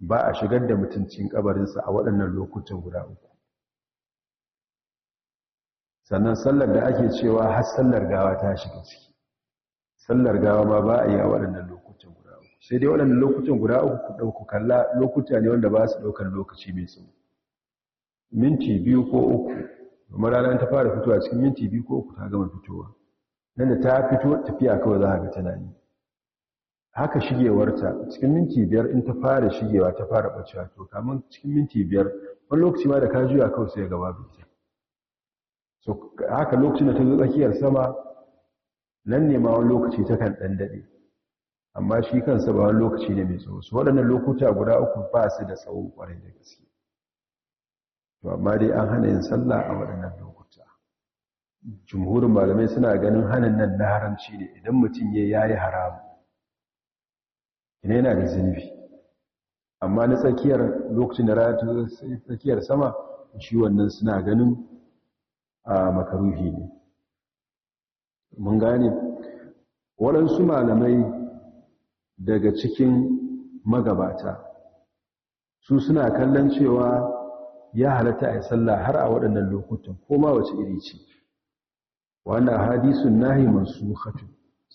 ba a shigar da mutuncin kabarinsa a waɗannan lokutan guda uku sannan sallar da ake cewa har sallar gawa ta shiga ciki sallar gawa ma ba a yi a waɗannan lokutan guda uku sai dai waɗannan lokutan guda uku ku ɗauku kalla lokuta ne wanda ba su ɗaukar lokaci mai tsawo minti biyu ko uku domin rana ta fara fitowa cikin minti biyu ko uku ta gama fitowa nan da ta fito tafiya kawai za a ga tana yi haka shigewarta cikin minti biyar in ta fara shigewa ta fara bacewa to kamun cikin minti biyar wani lokaci ma da ka juya kawai sai gaba bita so haka lokacin da ta zo tsakiyar sama nan ne ma wani lokaci ta kan ɗan daɗe amma shi kansa ba wani lokaci ne mai tsawo su waɗannan lokuta guda uku ba su da tsawo ƙwarai da gaske to amma dai an hana yin sallah a waɗannan lokuta jumhurin malamai suna ganin hanin nan na haramci ne idan mutum ya yi haramu ina yana da zunubi amma na tsakiyar lokacin da ratu tsakiyar sama shi wannan suna ganin a makaruhi ne mun gane waɗansu malamai daga cikin magabata su suna kallon cewa ya halatta a yi sallah har a waɗannan lokutan ko ma wace iri ce wannan hadisun nahi masu hatu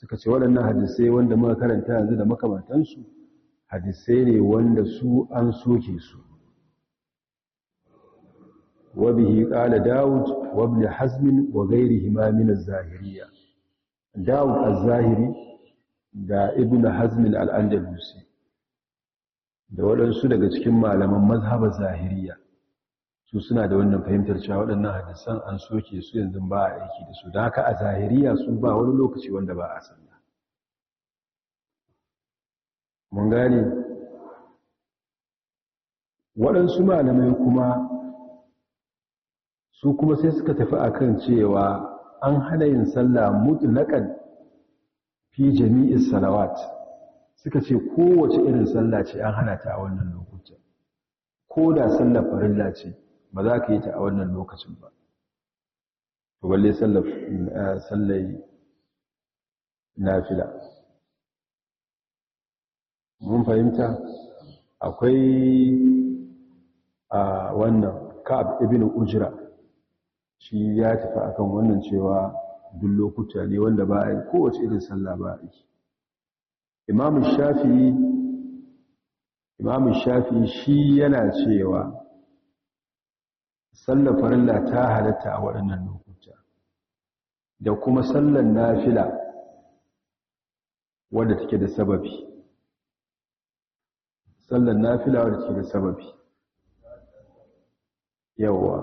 suka ce waɗannan hadisai wanda muka karanta yanzu da makamantansu hadisai ne wanda su an soke su wabihi qala daud wa ibn hazm wa ghayrihima min az-zahiriyya daud az-zahiri da ibn hazm al-andalusi da waɗansu daga cikin malaman mazhabar zahiriya su suna da wannan fahimtar cewa waɗannan hadisan an soke su yanzu ba a aiki da su da haka a zahiriya su ba wani lokaci wanda ba a sallah mun gane waɗansu malamai kuma su kuma sai suka tafi akan cewa an hana yin sallah mutlaqan fi jami'in salawat suka ce kowace irin sallah ce an hana ta a wannan lokacin, ko da sallar farilla ce ba za ka yi ta a wannan lokacin ba to balle eh, sallai nafila mun fahimta akwai a ah, wannan ka'ab ibn ujra shi ya tafi akan wannan cewa duk lokuta ne wanda ba a yi kowace irin sallah ba a yi imamun shafi'i imamun shafi'i shi yana cewa sallar farilla ta halatta a waɗannan lokuta da kuma sallar nafila wadda take da sababi sallar nafila wadda take da sababi Yawwa,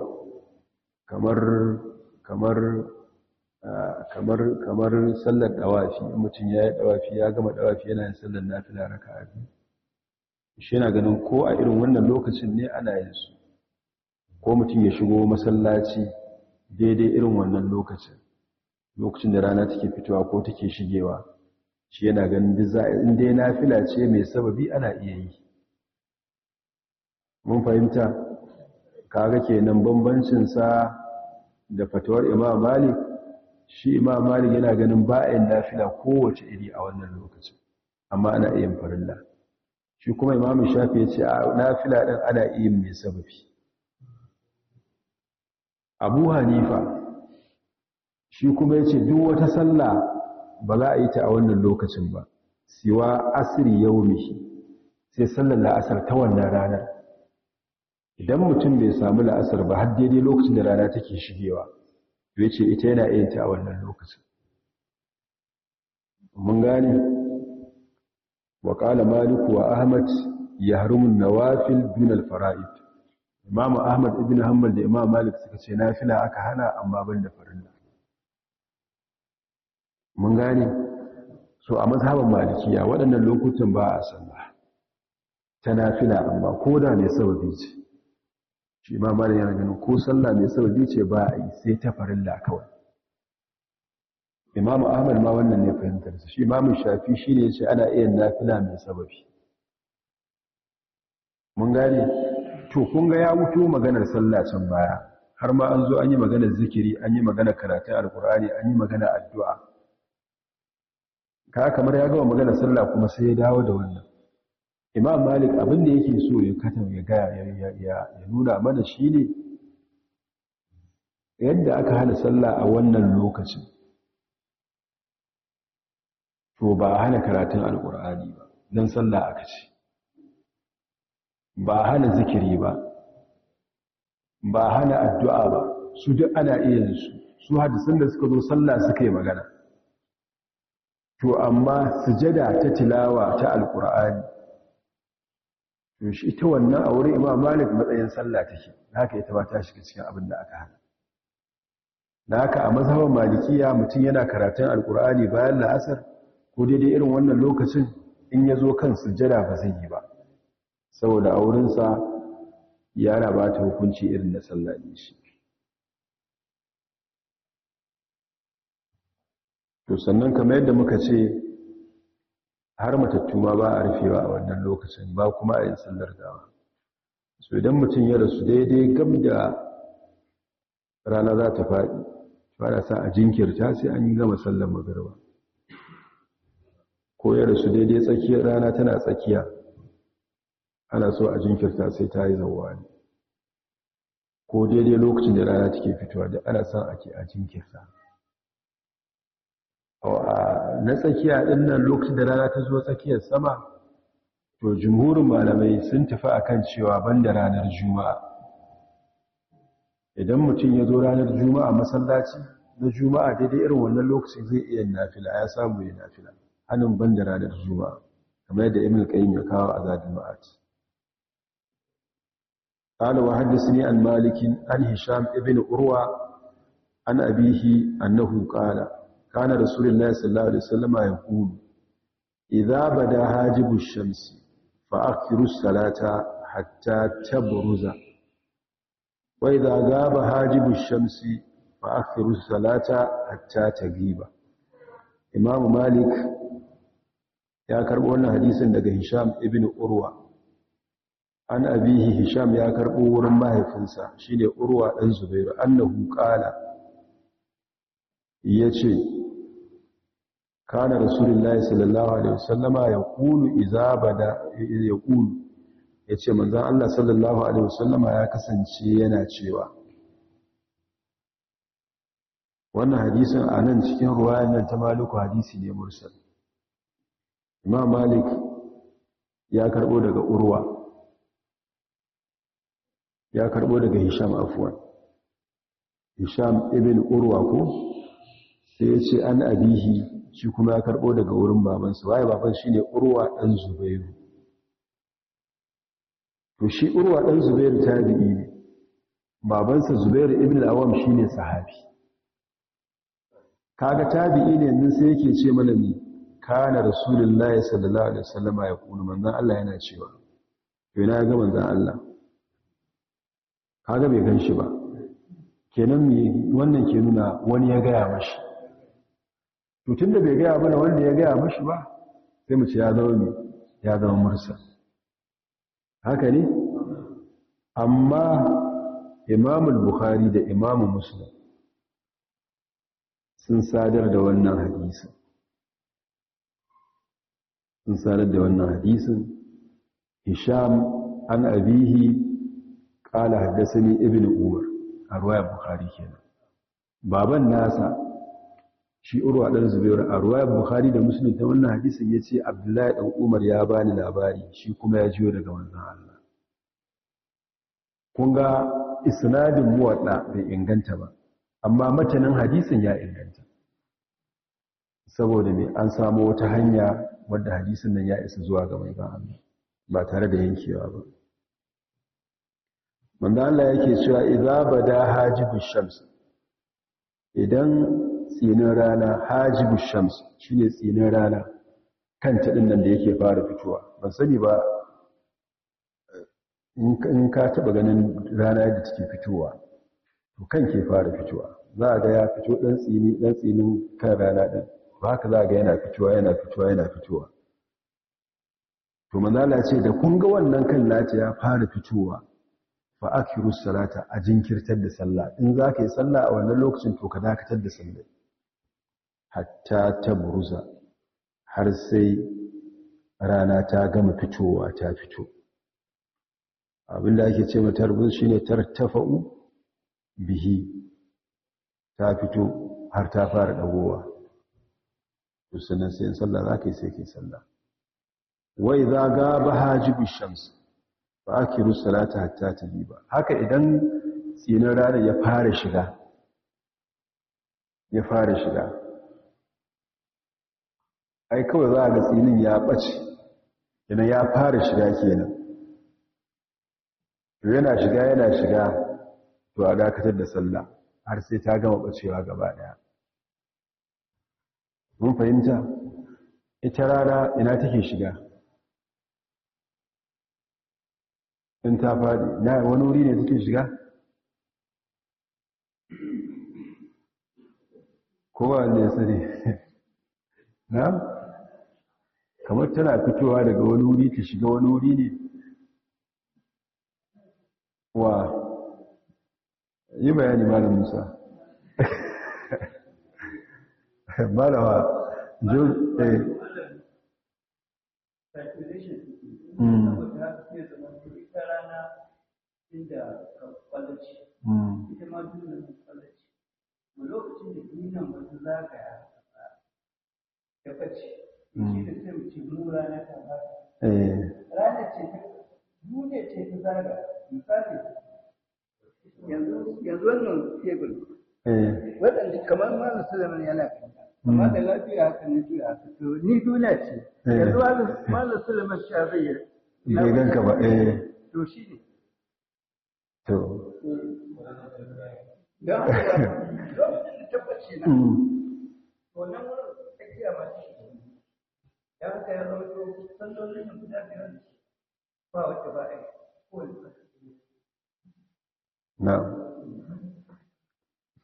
kamar kamar kamar kamar sallar dawafi mutum ya yi dawafi ya gama dawafi yana yin sallar nafila raka'a biyu shi yana ganin ko a irin wannan lokacin ne ana yin su ko mutum ya shigo masallaci daidai irin wannan lokacin lokacin da rana take fitowa ko take shigewa shi yana ganin duk in dai nafila ce mai sababi ana iya yi mun fahimta kaga kenan bambancin sa da fatawar Imam Malik shi Imam Malik yana ganin ba'in nafila kowace iri a wannan lokacin amma ana iya farilla shi kuma Imam Shafi ya ce a nafila ɗin ana iya mai sababi abu hanifa shi kuma ya ce duk wata sallah ba za a yi ta a wannan lokacin ba siwa asiri yau mishi sai sallar la'asar ta wannan ranar idan mutum bai samu la'asar ba har daidai lokacin da rana take shigewa to ya ce ita yana iya ta a wannan lokacin mun gane wa ƙala maliku wa ahmad ya harumun nawafil dunal fara'id imam ahmad ibn hanbal da imam malik suka ce nafila aka hana amma ban da farilla mun gane so a mazhaban malikiya waɗannan lokutan ba a san ba. ta nafila amma ko da ne sababi ce shi imam malik yana ganin ko sallah mai sababi ce ba a yi sai ta farilla kawai Imam ahmad ma wannan ne sa shi imam shafi shi ne ce ana iya nafila mai sababi mun gane to kun ga ya wuto maganar sallah can baya har ma an zo an yi maganar zikiri an yi maganar karatun alkur'ani an yi maganar addu'a ka kamar ya gama maganar sallah kuma sai ya dawo da wannan imam malik abin da yake so ya kata ya gaya ya nuna mana shi ne yadda aka hana sallah a wannan lokacin to ba a hana karatun alkur'ani ba don sallah aka ce ba hana zikiri ba ba hana addu'a ba su duk ana iya yin su su hadisan da suka zo sallah suka yi magana to amma sujada ta tilawa ta alkur'ani to shi ita wannan a wurin imam malik matsayin sallah take haka ita ba ta shiga cikin abin da aka hana da haka a mazhaban malikiya mutum yana karatun alkur'ani bayan la'asar ko daidai irin wannan lokacin in ya zo kan sujada ba zai yi ba saboda a wurinsa yana ba ta hukunci irin na sallani shi to sannan kamar yadda muka ce har matattu ma ba a rufewa a wannan lokacin ba kuma a yin sallar dawa so idan mutum ya rasu daidai gab da rana za ta faɗi fara sa a jinkirta sai an yi gama sallar magarba ko ya rasu daidai tsakiyar rana tana tsakiya ana so a jinkirta sai ta yi ne. ko daidai lokacin da rana take fitowa da ana son ake a jinkirta na tsakiya ɗin nan lokacin da rana ta zo tsakiyar sama to jumhurin malamai sun tafi akan cewa banda ranar juma'a idan mutum ya zo ranar juma'a masallaci na juma'a daidai irin wannan lokacin zai iya nafila ya samu ya nafila hannun banda ranar juma'a kamar yadda imil qayyim ya kawo a zadin ma'ati قال وحدثني عن مالك عن هشام ابن عروة عن أبيه أنه قال كان رسول الله صلى الله عليه وسلم يقول إذا بدا هاجب الشمس فأكثروا الصلاة حتى تبرز وإذا غاب هاجب الشمس فأكثروا الصلاة حتى تغيب إمام مالك ya karbo wannan hadisin daga Hisham ibn Urwa an abihi hisham ya karɓo wurin mahaifinsa shine urwa ɗan zubairu annahu qala yace kana rasulullahi sallallahu alaihi wasallama yaqulu idza bada yaqulu yace manzon Allah sallallahu alaihi wasallama ya kasance yana cewa wannan hadisin a nan cikin ruwayan nan ta maliku hadisi ne mursal imam malik ya karɓo daga urwa ya karbo daga hisham Afwan, hisham ibn urwa ko sai ya ce an abihi shi kuma ya karbo daga wurin babansa waye baban shi ne urwa ɗan zubairu to shi urwa ɗan zubairu tabi'i ne babansa zubairu ibn awam shi ne sahabi kaga tabi'i ne yanzu sai yake ce mana ne kana rasulullahi sallallahu alaihi wasallam ya kuma manzon Allah yana cewa to ina ga manzon Allah kaga bai gan shi ba kenan wannan ke nuna wani ya gaya mashi to da bai gaya mana wanda ya gaya mashi ba sai mu ce ya zama ne ya zama mursa haka ne amma imamul bukhari da imam muslim sun sadar da wannan hadisin sun sadar da wannan hadisin isham an abihi ƙala haddasani ibn umar a ruwayar bukhari kenan baban nasa shi urwa dan zubairu a ruwayar bukhari da musulun ta wannan hadisin ya ce abdullahi Dan umar ya bani labari shi kuma ya jiyo daga manzan allah kun ga isnadin muwaɗa bai inganta ba amma matanin hadisin ya inganta saboda mai an samu wata hanya wadda hadisin nan ya isa zuwa ga mai ba ba tare da yankewa ba manzo Allah yake cewa idza bada hajibu shams idan tsinin rana hajibu shams shine tsinin rana kanta din nan da yake fara fitowa ban sani ba in ka taba ganin rana da take fitowa to kan ke fara fitowa za ga ya fito dan tsini dan tsinin kan rana din ba ka za ga yana fitowa yana fitowa yana fitowa to manzo Allah ce da kun ga wannan kan lati ya fara fitowa fa salata a jinkirtar da sallah in za ka yi sallah a wannan lokacin to ka dakatar da sallah hatta ta buruza har sai rana ta gama fitowa ta fito abinda ake ce mata rubuz ta tartafa'u bihi ta fito har ta fara dagowa to sannan sai yin sallah za ka yi sai ka sallah wai za ga bahajibu shams ba a kiru salata hatta ta ba haka idan tsinin rana ya fara shiga ya fara shiga ai kawai za a ga tsinin ya ɓace idan ya fara shiga kenan to yana shiga yana shiga to a dakatar da sallah har sai ta gama ɓacewa gaba ɗaya mun fahimta ita rana ina take shiga in ta faɗi na wani wuri ne suke shiga kowa ne sani na kamar tana fitowa daga wani wuri ta shiga wani wuri ne wa yi bayani malam musa malawa jo eh hmm. inda kwakwalwa ce hmm. ita ma duniya lokacin da wata ta hmm. shi da sai mu rana ta eh. rana ce ta duniya ce ta zaga misali yanzu wannan tebul eh. waɗanda kamar malam sulaiman yana amma hmm. da lafiya haka ne juya haka to ni duniya ce eh. yanzu malam sulaiman shi a bayyana bai ganka ba eh to shi ne to na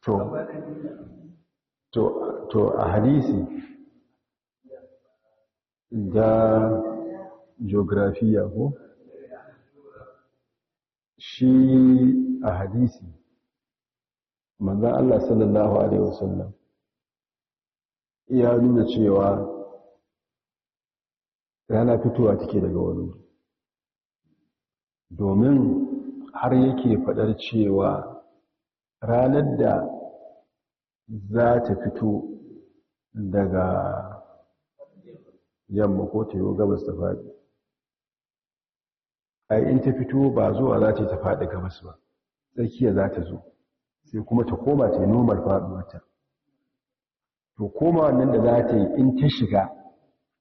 to to to a hadisi da geografiya ko shi a hadisi manzan Allah sallallahu Alaihi wasallam ya nuna cewa rana fitowa take daga wani domin har yake faɗar cewa ranar da za ta fito daga yamma ko ta yi gabas da fadi a in ta fito ba zuwa za ta faɗi gabas ba tsakiya za ta zo sai kuma ta koma ta yi nomar faɗuwarta to koma wannan da za ta yi in ta shiga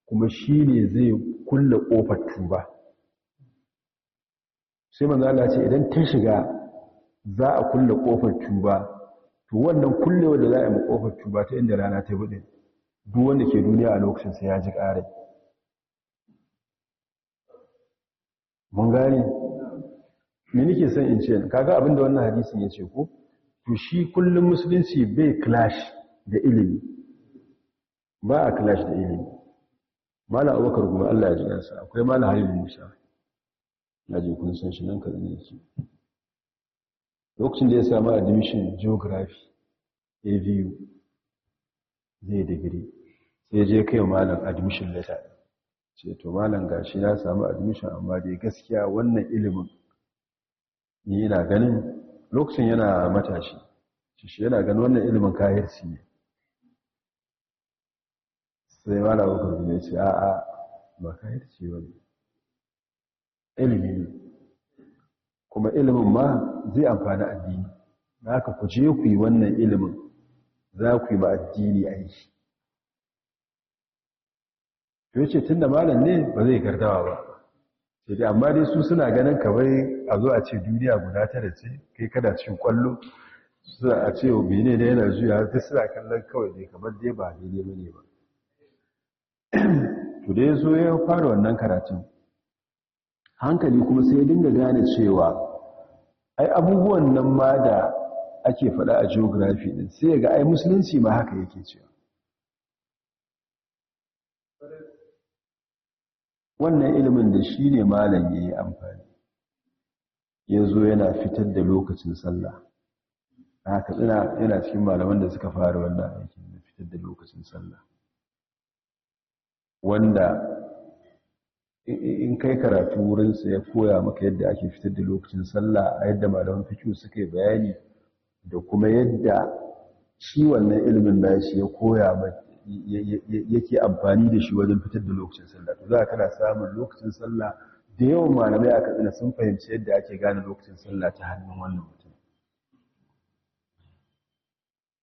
kuma shi ne zai kulle ƙofar tuba sai manzala ce idan ta shiga za a kulle ƙofar tuba to wannan kullewa da za a yi ma ƙofar tuba ta inda rana ta buɗe duk wanda ke duniya a lokacin sai ya ji ƙarai mun gane me nake son in ce kaga abinda wannan hadisin ya ce ko to shi kullum musulunci bai clash da ilimi ba a clash da ilimi malam abubakar kuma Allah ya ji sa akwai malam halilu musa na je kun san shi nan ka ne yake lokacin da ya samu admission geography AVU zai digiri sai je kai malam admission letter ce to malam gashi ya samu admission amma dai gaskiya wannan ilimin ni yana ganin lokacin yana matashi shi yana ganin wannan ilimin kayarci ne sai malam abokan ya ce a'a ba kayarci ba ne ilimi ne kuma ilimin ma zai amfani addini haka ku je ku yi wannan ilimin za ku yi ba addini aiki ce tun da malam ne ba zai gardawa ba sai amma dai su suna ganin kamar a zo a ce duniya guda tara ce kai kada cin kwallo suna a ce obi ne da yana juya duk suna kallon kawai ne kamar dai ba ne ba ne ba to dai zo ya fara wannan karatun hankali kuma sai ya dinga gane cewa ai abubuwan nan ma da ake faɗa a geography din sai ga ai musulunci ma haka yake cewa wannan ilimin da shi ne malam ya yi amfani ya zo yana fitar da lokacin sallah haka tsina yana cikin malaman da suka fara wannan aikin da fitar da lokacin sallah wanda in kai karatu wurinsa ya koya maka yadda ake fitar da lokacin sallah a yadda malaman fikiyu suka yi bayani da kuma yadda shi wannan ilimin da shi ya koya mai yake amfani da shi wajen fitar da lokacin sallah to za ka kana samun lokacin sallah da yawan malamai aka tsina sun fahimci yadda ake gane lokacin sallah ta hannun wannan mutum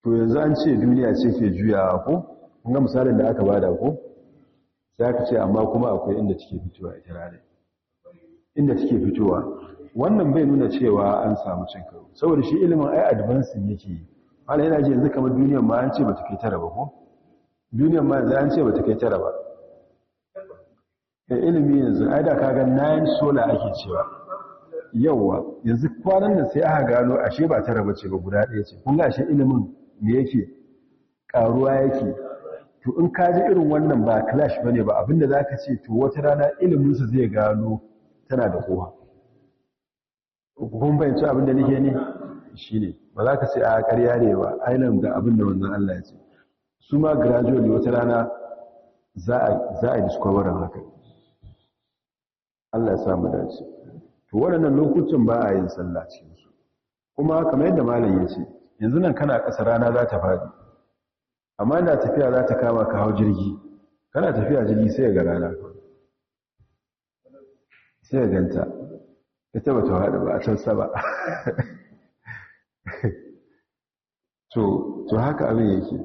to yanzu an ce duniya ce ke juyawa ko ga misalin da aka bada ko sai aka ce amma kuma akwai inda take fitowa ita rane inda take fitowa wannan bai nuna cewa an samu cin karo saboda shi ilimin ai advancing yake yi yana ji yanzu kamar duniyar ma an ce ba ta kai tara ba ko duniyar ma yanzu an ce ba ta kai tara ba da eh, ilimi yanzu ai da ga nayan sola ake cewa yauwa yanzu kwanan nan sai aka gano ashe ba tara ba ce ba guda ɗaya ce kun ga ilimin me yake karuwa yake to in ka ji irin wannan ba clash bane ba abinda zaka ce to wata rana ilimin zai gano tana da kowa kun bayyana abinda nake ne shine ba za ka ce a ƙarya ne ba nan ga abinda wannan Allah ya ce su ma ne wata rana za a discoverin haka Allah ya samu dace to waɗannan lokutan ba a yin sallah cikin su kuma kamar yadda malam ya ce yanzu nan kana ƙasa rana za ta faɗi amma ina tafiya za ta kama ka hau jirgi kana tafiya jirgi sai ga rana sai ganta ita ba ta haɗu ba a can saba to haka abin yake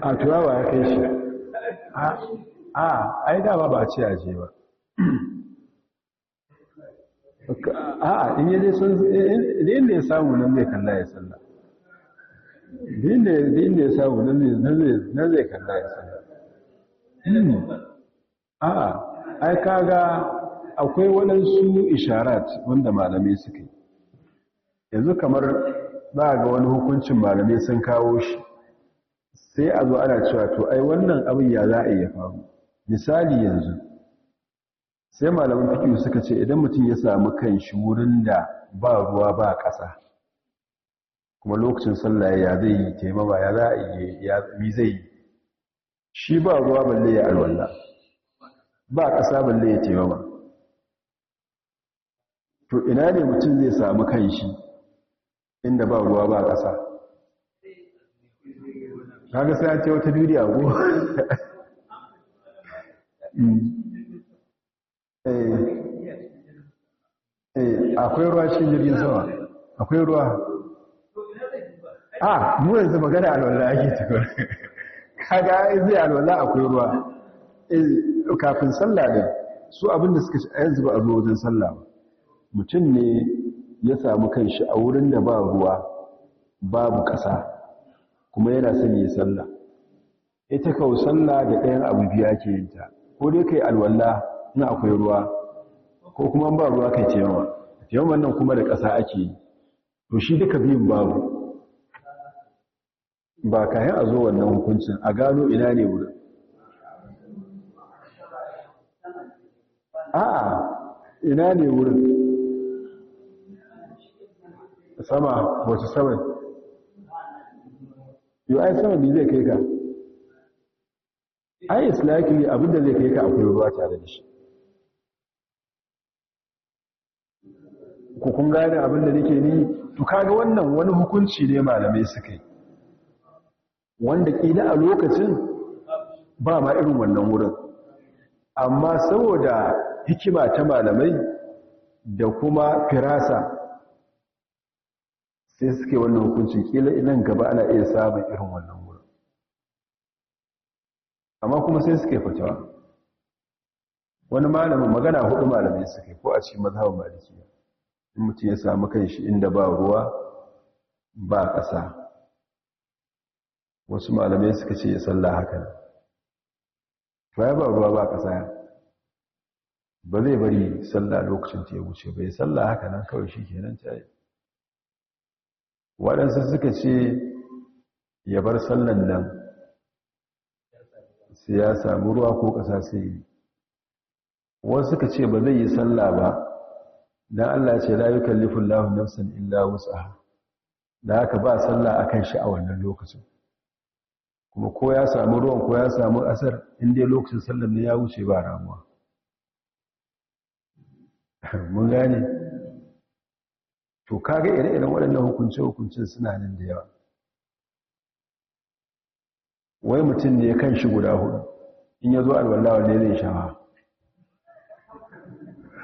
a tuwa ba ya kai shi a ai dama ba a ce aje ba a inye dai sun eh, inda ya samu nan zai kalla ya sallah inda ya samu nan zai kalla ya sallah hmm. a ai kaga akwai waɗansu isharat wanda malamai suka yi yanzu kamar za ga wani hukuncin malamai sun kawo shi sai a zo ana cewa to ai wannan abin ya za a iya faru misali yanzu sai malaman fikiyu suka ce idan mutum ya samu kan shi wurin da ba ruwa ba ƙasa kuma lokacin sallaye ya zai yi taimaba ya za a yi ya zai yi shi ba ruwa balle ya alwallah ba ƙasa balle ya taimaba. to ina ne mutum zai samu kan shi inda ba ruwa ba ƙasa haka sai a ce wata duniya ko eh, eh, eh, akwai ruwa shi jirgin sama akwai ruwa ah mu yanzu magana alwala ake tukar kaga zai alwala akwai ruwa kafin sallah ne su abinda suka yanzu ba a zo wajen sallah ba mutum ne ya samu kanshi a wurin da ba ruwa babu ƙasa kuma yana son yi sallah ita kawo sallah da ɗayan abu biya ke yin ta ko dai kai alwala na akwai ruwa ko kuma ba ruwa kai teyawa teyawan nan kuma da ƙasa ake yi to shi duka biyun babu ba kayan a zo wannan hukuncin a gano ina ne wurin a'a ina ne wurin sama wace sama yi ai sama bi zai kai ka ai islaki abinda zai kai ka akwai ruwa tare da shi ku kun gane abinda nake ni to kaga wannan wani hukunci ne malamai suka yi wanda kila a lokacin ba ma irin wannan wurin amma saboda hikima ta malamai da kuma firasa sai suke wannan hukunci kila idan gaba ana iya samun irin wannan wurin amma kuma sai suke fatawa wani malamin magana hudu malamai suke ko a cikin mazhabin maliki in mutum ya samu kanshi inda ba ruwa ba ƙasa wasu malamai suka ce ya salla haka baya ba ruwa ba ƙasa ba zai bari salla lokacin ta ya wuce bai salla haka nan kawai shi kenan ta yi waɗansu suka ce ya bar sallan nan sai ya samu ruwa ko ƙasa sai yi wasu suka ce ba zai yi sallah ba don allah ce la yi kallifin lahun nafsan illa wasu da aka ba sallah a kan shi a wannan lokacin kuma ko ya samu ruwan ko ya samu asar inda lokacin sallar ne ya wuce ba ramuwa mun gane to kaga ire-iren waɗannan hukunce-hukuncin suna nan da yawa wai mutum ne kan shi guda hudu in ya zo alwallawa ne zai shawa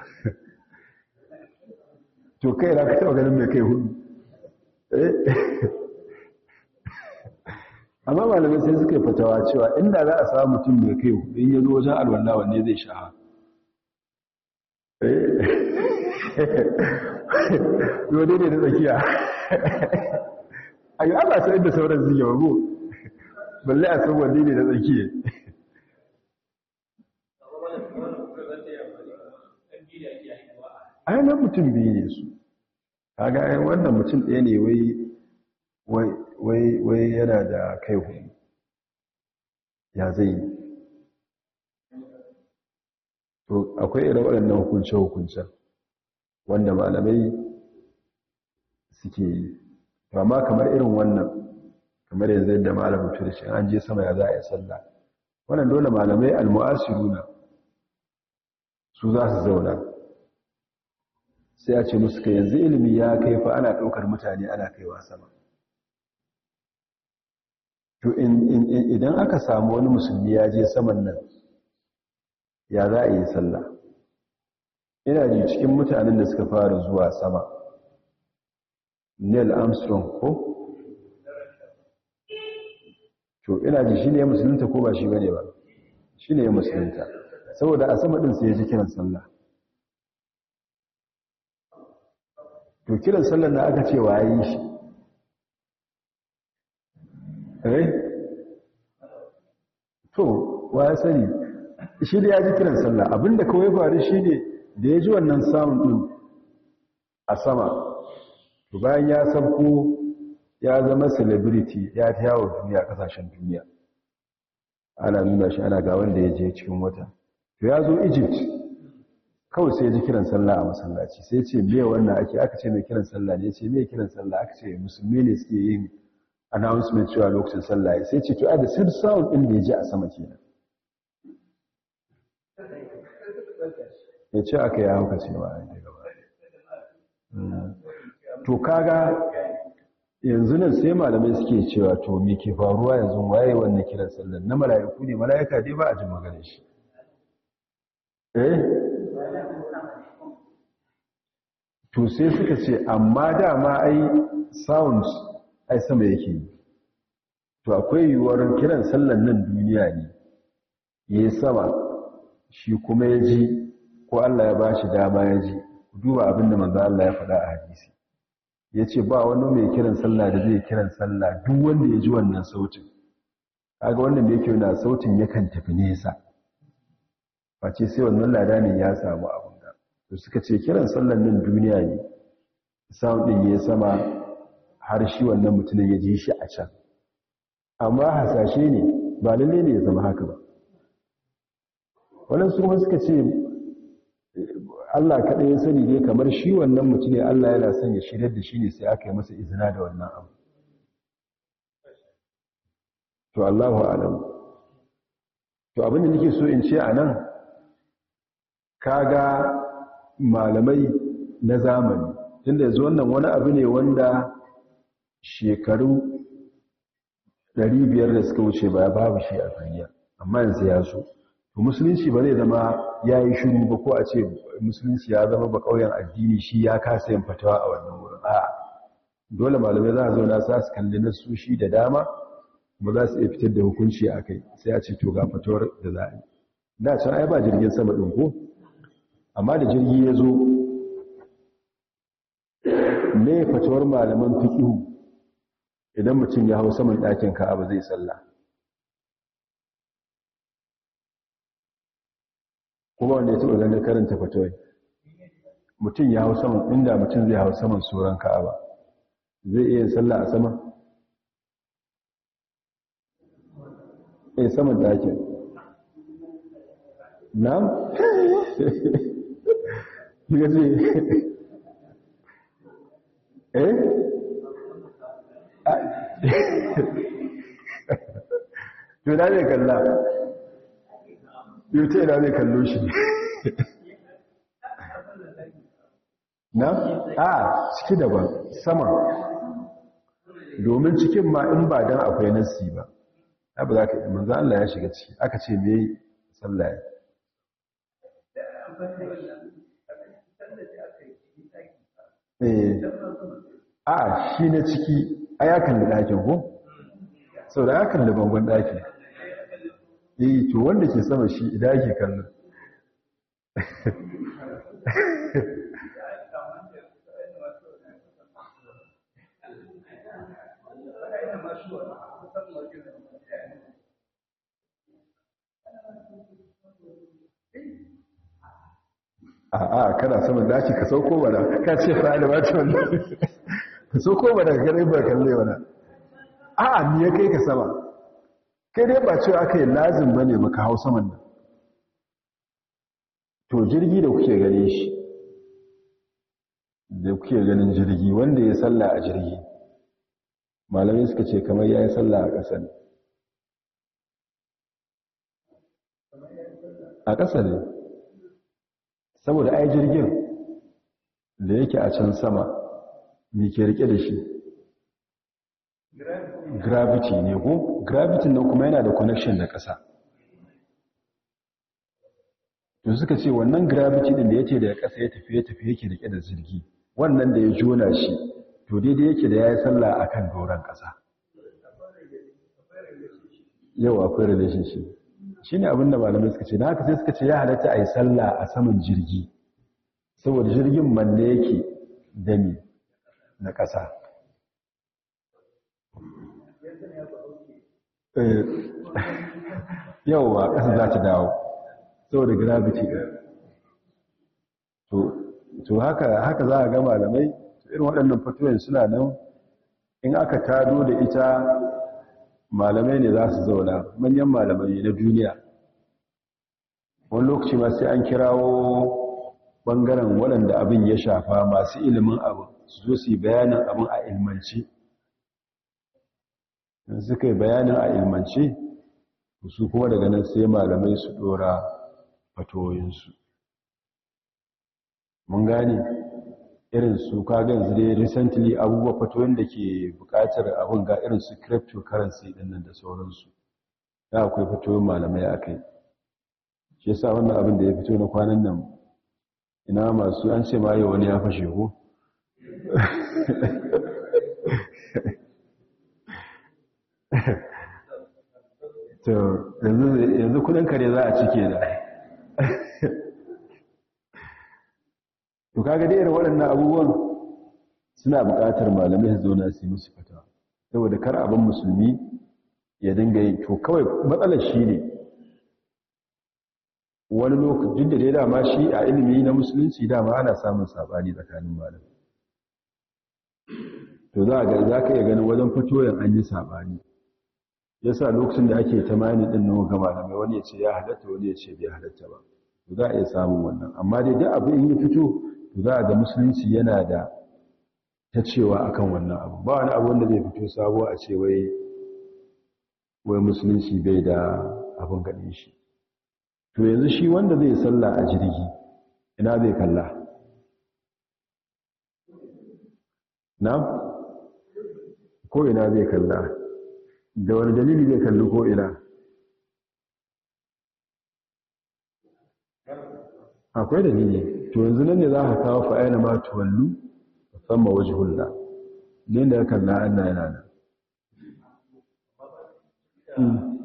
to kai na ka taɓa ganin mai kai hudu eh. amma malamai sai suka yi fatawa cewa inda za a samu mutum mai kai hudu in ya zo wajen alwallawa ne zai shawa eh. yau daidai da tsakiya a yi ba sai da sauran zige yabo balle a san wanne ne da tsakiya ai nan mutum biyu ne su kaga ai wannan mutum ɗaya ne wai wai wai yana da kai hudu ya zai yi akwai irin waɗannan hukunce-hukuncen wanda malamai suke yi to amma kamar irin wannan kamar yanzu yadda malamin turishi an je sama ya za a yi sallah wannan dole malamai almu'asiruna su za su zauna sai a ce musu ka yanzu ilimi ya kai fa ana ɗaukar mutane ana kaiwa sama to idan aka samu wani musulmi ya je saman nan ya za a yi sallah ina ji cikin mutanen da suka fara zuwa sama neil armstrong ko to ina ji shi ne musulunta ko ba shi ba ne ba shi ne musulunta saboda a sama ɗin sai ya ji kiran sallah to kiran sallah na aka ce wa yi shi rai eh? to wa ya sani shi da ya ji kiran sallah abinda kawai faru shi ne da ya ji wannan samun ɗin a sama to bayan ya sauko ya zama celebrity ya ta yawo duniya kasashen duniya ana nuna shi ana ga wanda ya je cikin wata to ya zo egypt kawai sai ya ji kiran sallah a masallaci sai ce me wannan ake aka ce mai kiran sallah ne ce me kiran sallah aka ce musulmi ne suke yin announcement cewa lokacin sallah sai ce to a da sir sound din da ya ji a sama kenan ya ce aka yi hauka ce ba gaba hmm. to kaga yanzu nan sai malamai suke cewa to me ke faruwa yanzu waye wannan kiran sallan na mala'iku ne mala'ika dai ba a jin maganar shi eh to sai suka ce amma dama ai sounds ai sama yake yi to akwai yiwuwar kiran sallan nan duniya ne ya yi sama shi kuma ya ji ko Allah ya bashi dama ya ji duba abinda manzo Allah ya faɗa a hadisi yace ba wani mai kiran sallah da zai kiran sallah duk wanda ya ji wannan sautin kaga wannan da yake na sautin yakan tafi nesa face sai wannan ladanin ya samu abun da to suka ce kiran sallan nan duniya ne sautin din ya sama har shi wannan mutumin ya ji shi a can amma hasashe ne ba lalle ne ya zama haka ba wannan su suka ce Allah kaɗai ya sani dai kamar shi wannan mutum ne Allah yana son ya shirya da shi ne sai aka yi masa izina da wannan abu to Allahu alam to abin da nake so in ce a nan ka ga malamai na zamani tunda yanzu wannan wani abu ne wanda shekaru ɗari biyar da suka wuce ba babu shi a duniya amma yanzu ya zo musulunci ba zai zama ya yi shiru ba ko a ce musulunci ya zama ba ƙauyen addini shi ya kasa yin fatawa a wannan wurin a dole malamai za a zauna sa su kalli na soshi da dama kuma za su iya fitar da hukunci a kai sai a ce to ga fatawar da za a yi da can ai ba jirgin sama ɗin ko amma da jirgi ya zo ne fatawar malaman fiƙihu? idan mutum ya hau saman ɗakin ba zai sallah kuma wanda ya taɓa ganin karanta fatoyi mutum ya hau saman inda mutum zai hau saman tsoron ka'aba zai iya sallah a sama a eh, saman dakin eh? na? ya ce eh? ne kalla yau ta ina zai kallo shi na? a ciki daban sama domin cikin ma in ba don akwai nasi ba abu za ka yi manzo Allah ya shiga ciki aka ce mai sallaye eh. a shi na ciki a yakan da ɗakin ko? sau da yakan da bangon ɗakin eh to wanda ke sama shi idan yake kallon a'a kana saman daki ka sauko bana ka ce fa'ala da wato. wannan ka sauko bana ka gare ba kalle a a'a ni ya kai ka sama kai dai ba cewa aka yi lazim ba ne maka hau saman nan to jirgi da kuke gane shi da kuke ganin jirgi wanda ya salla a jirgi malamai suka ce kamar ya yi salla a ƙasa ne a ƙasa ne saboda ai jirgin da yake a can sama me ke rike da shi gravity ne ko gravity nan kuma yana da connection da ƙasa to suka ce wannan gravity din da yake da ƙasa ya tafi ya tafi yake da jirgi wannan da ya jona shi to daidai yake da yayi sallah akan doron ƙasa yau akwai relationship ne abin da malamai suka ce na haka sai suka ce ya halatta yi sallah a saman jirgi saboda jirgin manne yake da na ƙasa Eh, yauwa ƙasa za ta dawo saboda gravity ɗin to haka za a ga malamai irin waɗannan fatuwan suna nan in aka tado da ita malamai ne za su zauna manyan malamai na duniya wani lokaci ma sai an kirawo ɓangaren waɗanda abin ya shafa masu ilimin abin su zo su yi bayanin abin a ilmanci in suka yi bayanin a ilmance su kuma daga nan sai malamai su dora fatoyinsu mun gane irin su kaga ganzu dai recently abubuwa fatoyin da ke bukatar abin ga irin su cryptocurrency din nan da sauransu da akwai fatoyin malamai a kai shi sa wannan abin da ya fito na kwanan nan ina masu an ce ma wani ya fashe ko to yanzu kudin kare za a cike da to kaga dai irin waɗannan abubuwan suna buƙatar malamai su zauna su yi musu fata saboda kar abin musulmi ya dinga yi to kawai matsalar shi ne wani lokacin da dai dama shi a ilimi na musulunci dama ana samun sabani tsakanin malamai to za ka iya ganin wajen fito fitoyin an yi sabani Yasa lokacin da ake ta mani din nan ga malamai wani ya ce ya halatta wani ya ce bai halatta ba to za a iya samun wannan amma dai duk abu in ya fito to za a ga musulunci yana da ta cewa akan wannan abu ba wani abu wanda zai fito sabo a ce wai wai musulunci bai da abin gaɗin shi to yanzu shi wanda zai sallah a jirgi ina zai kalla na ko ina zai kalla da wani dalili zai kalli ko ina akwai dalili to yanzu nan ne za ka kawo fa'ina ma tuwallu samma waje hulla ne da ya kalla ana yana nan hmm.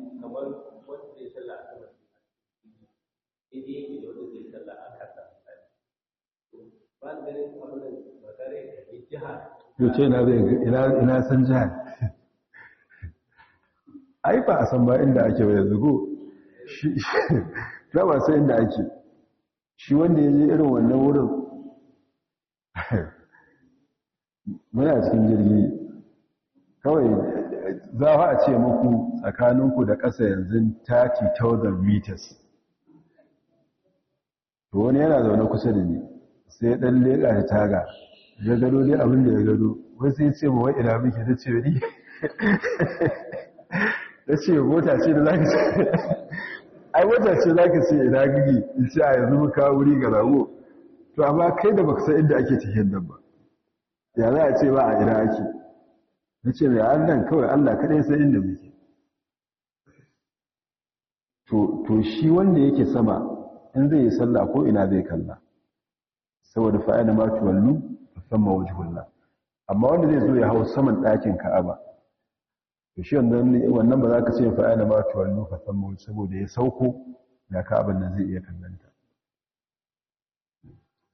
yau ce ina san jihar ai ba a san ba inda ake ba yanzu go shi ba sai inda ake shi wanda ya je irin wannan wurin muna cikin jirgi kawai za a ce muku tsakaninku da ƙasa yanzu 30,000 meters to wani yana zaune kusa da ni sai ya ɗan leƙa da taga ya gado ne abin ya gado wasu ya ce ma wa'ina muke da ce da ce wata ce da za ka ce ai wata ce za ka ce ina gigi in ce a yanzu muka wuri ga rago to amma kai da baka san inda ake cikin nan ba ya za a ce ba a ina ake na ce mai nan kawai allah kaɗai san inda muke to shi wanda yake sama in zai yi sallah ko ina zai kalla saboda fa'ina ma tuwallu musamman wajhullah amma wanda zai zo ya hau saman ɗakin ka'aba shi wannan ba za ka ce fa'a da ba tuwallo ka samu saboda ya sauko ya ka abin da zai iya kallanta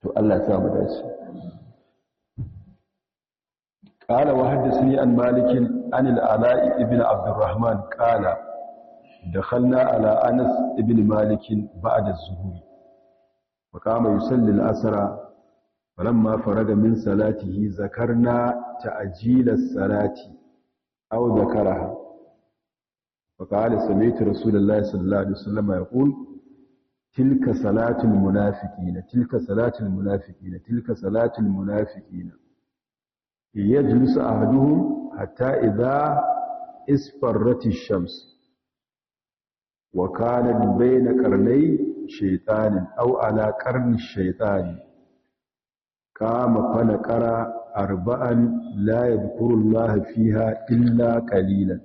to Allah ta mu dace qala wa haddathani an malik an alai ibn abd alrahman qala dakhalna ala anas ibn malikin ba'da az-zuhur wa asara, yusalli ma asra falamma faraga min salati zakarna ta as-salati aw zakaraha fa qala sami'tu rasulullahi sallallahu alaihi wasallam yaqul tilka salatin munafiqin tilka salatul munafiqin tilka salatul munafiqin yajlisu ahaduhum hatta idha isfarrati shams wa kana bayna qarnay shaytanin aw ala qarni shaytani kama fana qara arba'an la yadhkurullaha fiha illa qalilan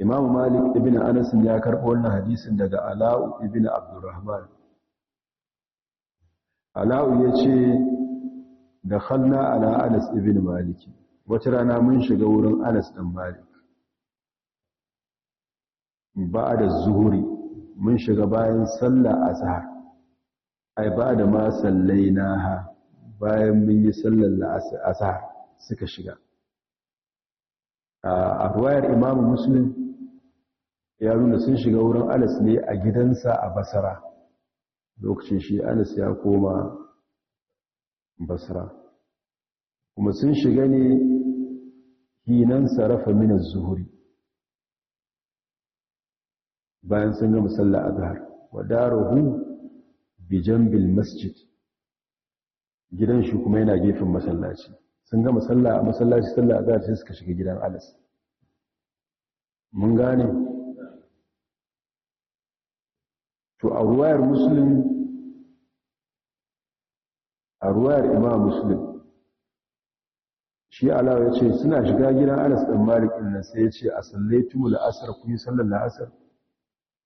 Imam Malik ibn Anas ya karɓo wannan hadisin daga Ala'u ibn Abdurrahman Ala'u ce da khalna ala Anas ibn Malik wata rana mun shiga wurin Anas dan Malik da zuhuri mun shiga bayan sallah azhar ai da ma ha. bayan mun yi sallar asar suka shiga a ruwayar imamu muslim ya nuna sun shiga wurin alas ne a gidansa a basara lokacin shi alas ya koma basara kuma sun shiga ne hinan sarrafa minar zuhuri bayan sun ga musalla a zahar wadaruhu bijan bil masjid gidan shi kuma yana gefen masallaci sun gama sallah a masallaci sallah a zai suka shiga gidan anas mun gane to a ruwayar muslim a ruwayar imam muslim shi alawa ya ce suna shiga gidan anas ɗan malikin nan sai ya ce a sallaitu mu la'asar kun yi sallar la'asar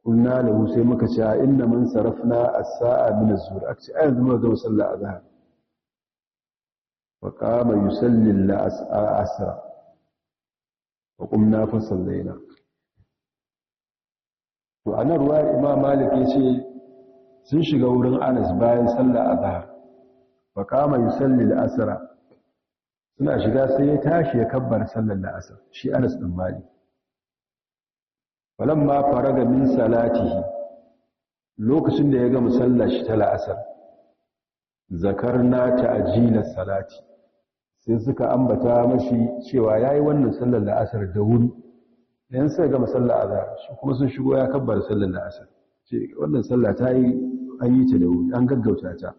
kunna da sai muka ce inna man sarafna a saa min az-zuhr a yanzu muka zama sallar a zahar. wa qama yusalli al-asra wa qumna fa sallaina to anan ruwayar imam malik yace sun shiga wurin Anas bayan sallar azhar wa qama yusalli al-asra suna shiga sai ya tashi ya kabbar sallar la'asar, asr shi Anas din malik falamma faraga min salatihi lokacin da ya gama sallar shi ta la'asar zakar zakarna ta'jilas salati sai suka ambata mashi cewa ya yi wannan sallar la'asar da wuri yan sai gama sallar azhar shi kuma sun shigo ya kabbar sallar la'asar ce wannan sallar ta yi an yi ta da wuri an gaggauta ta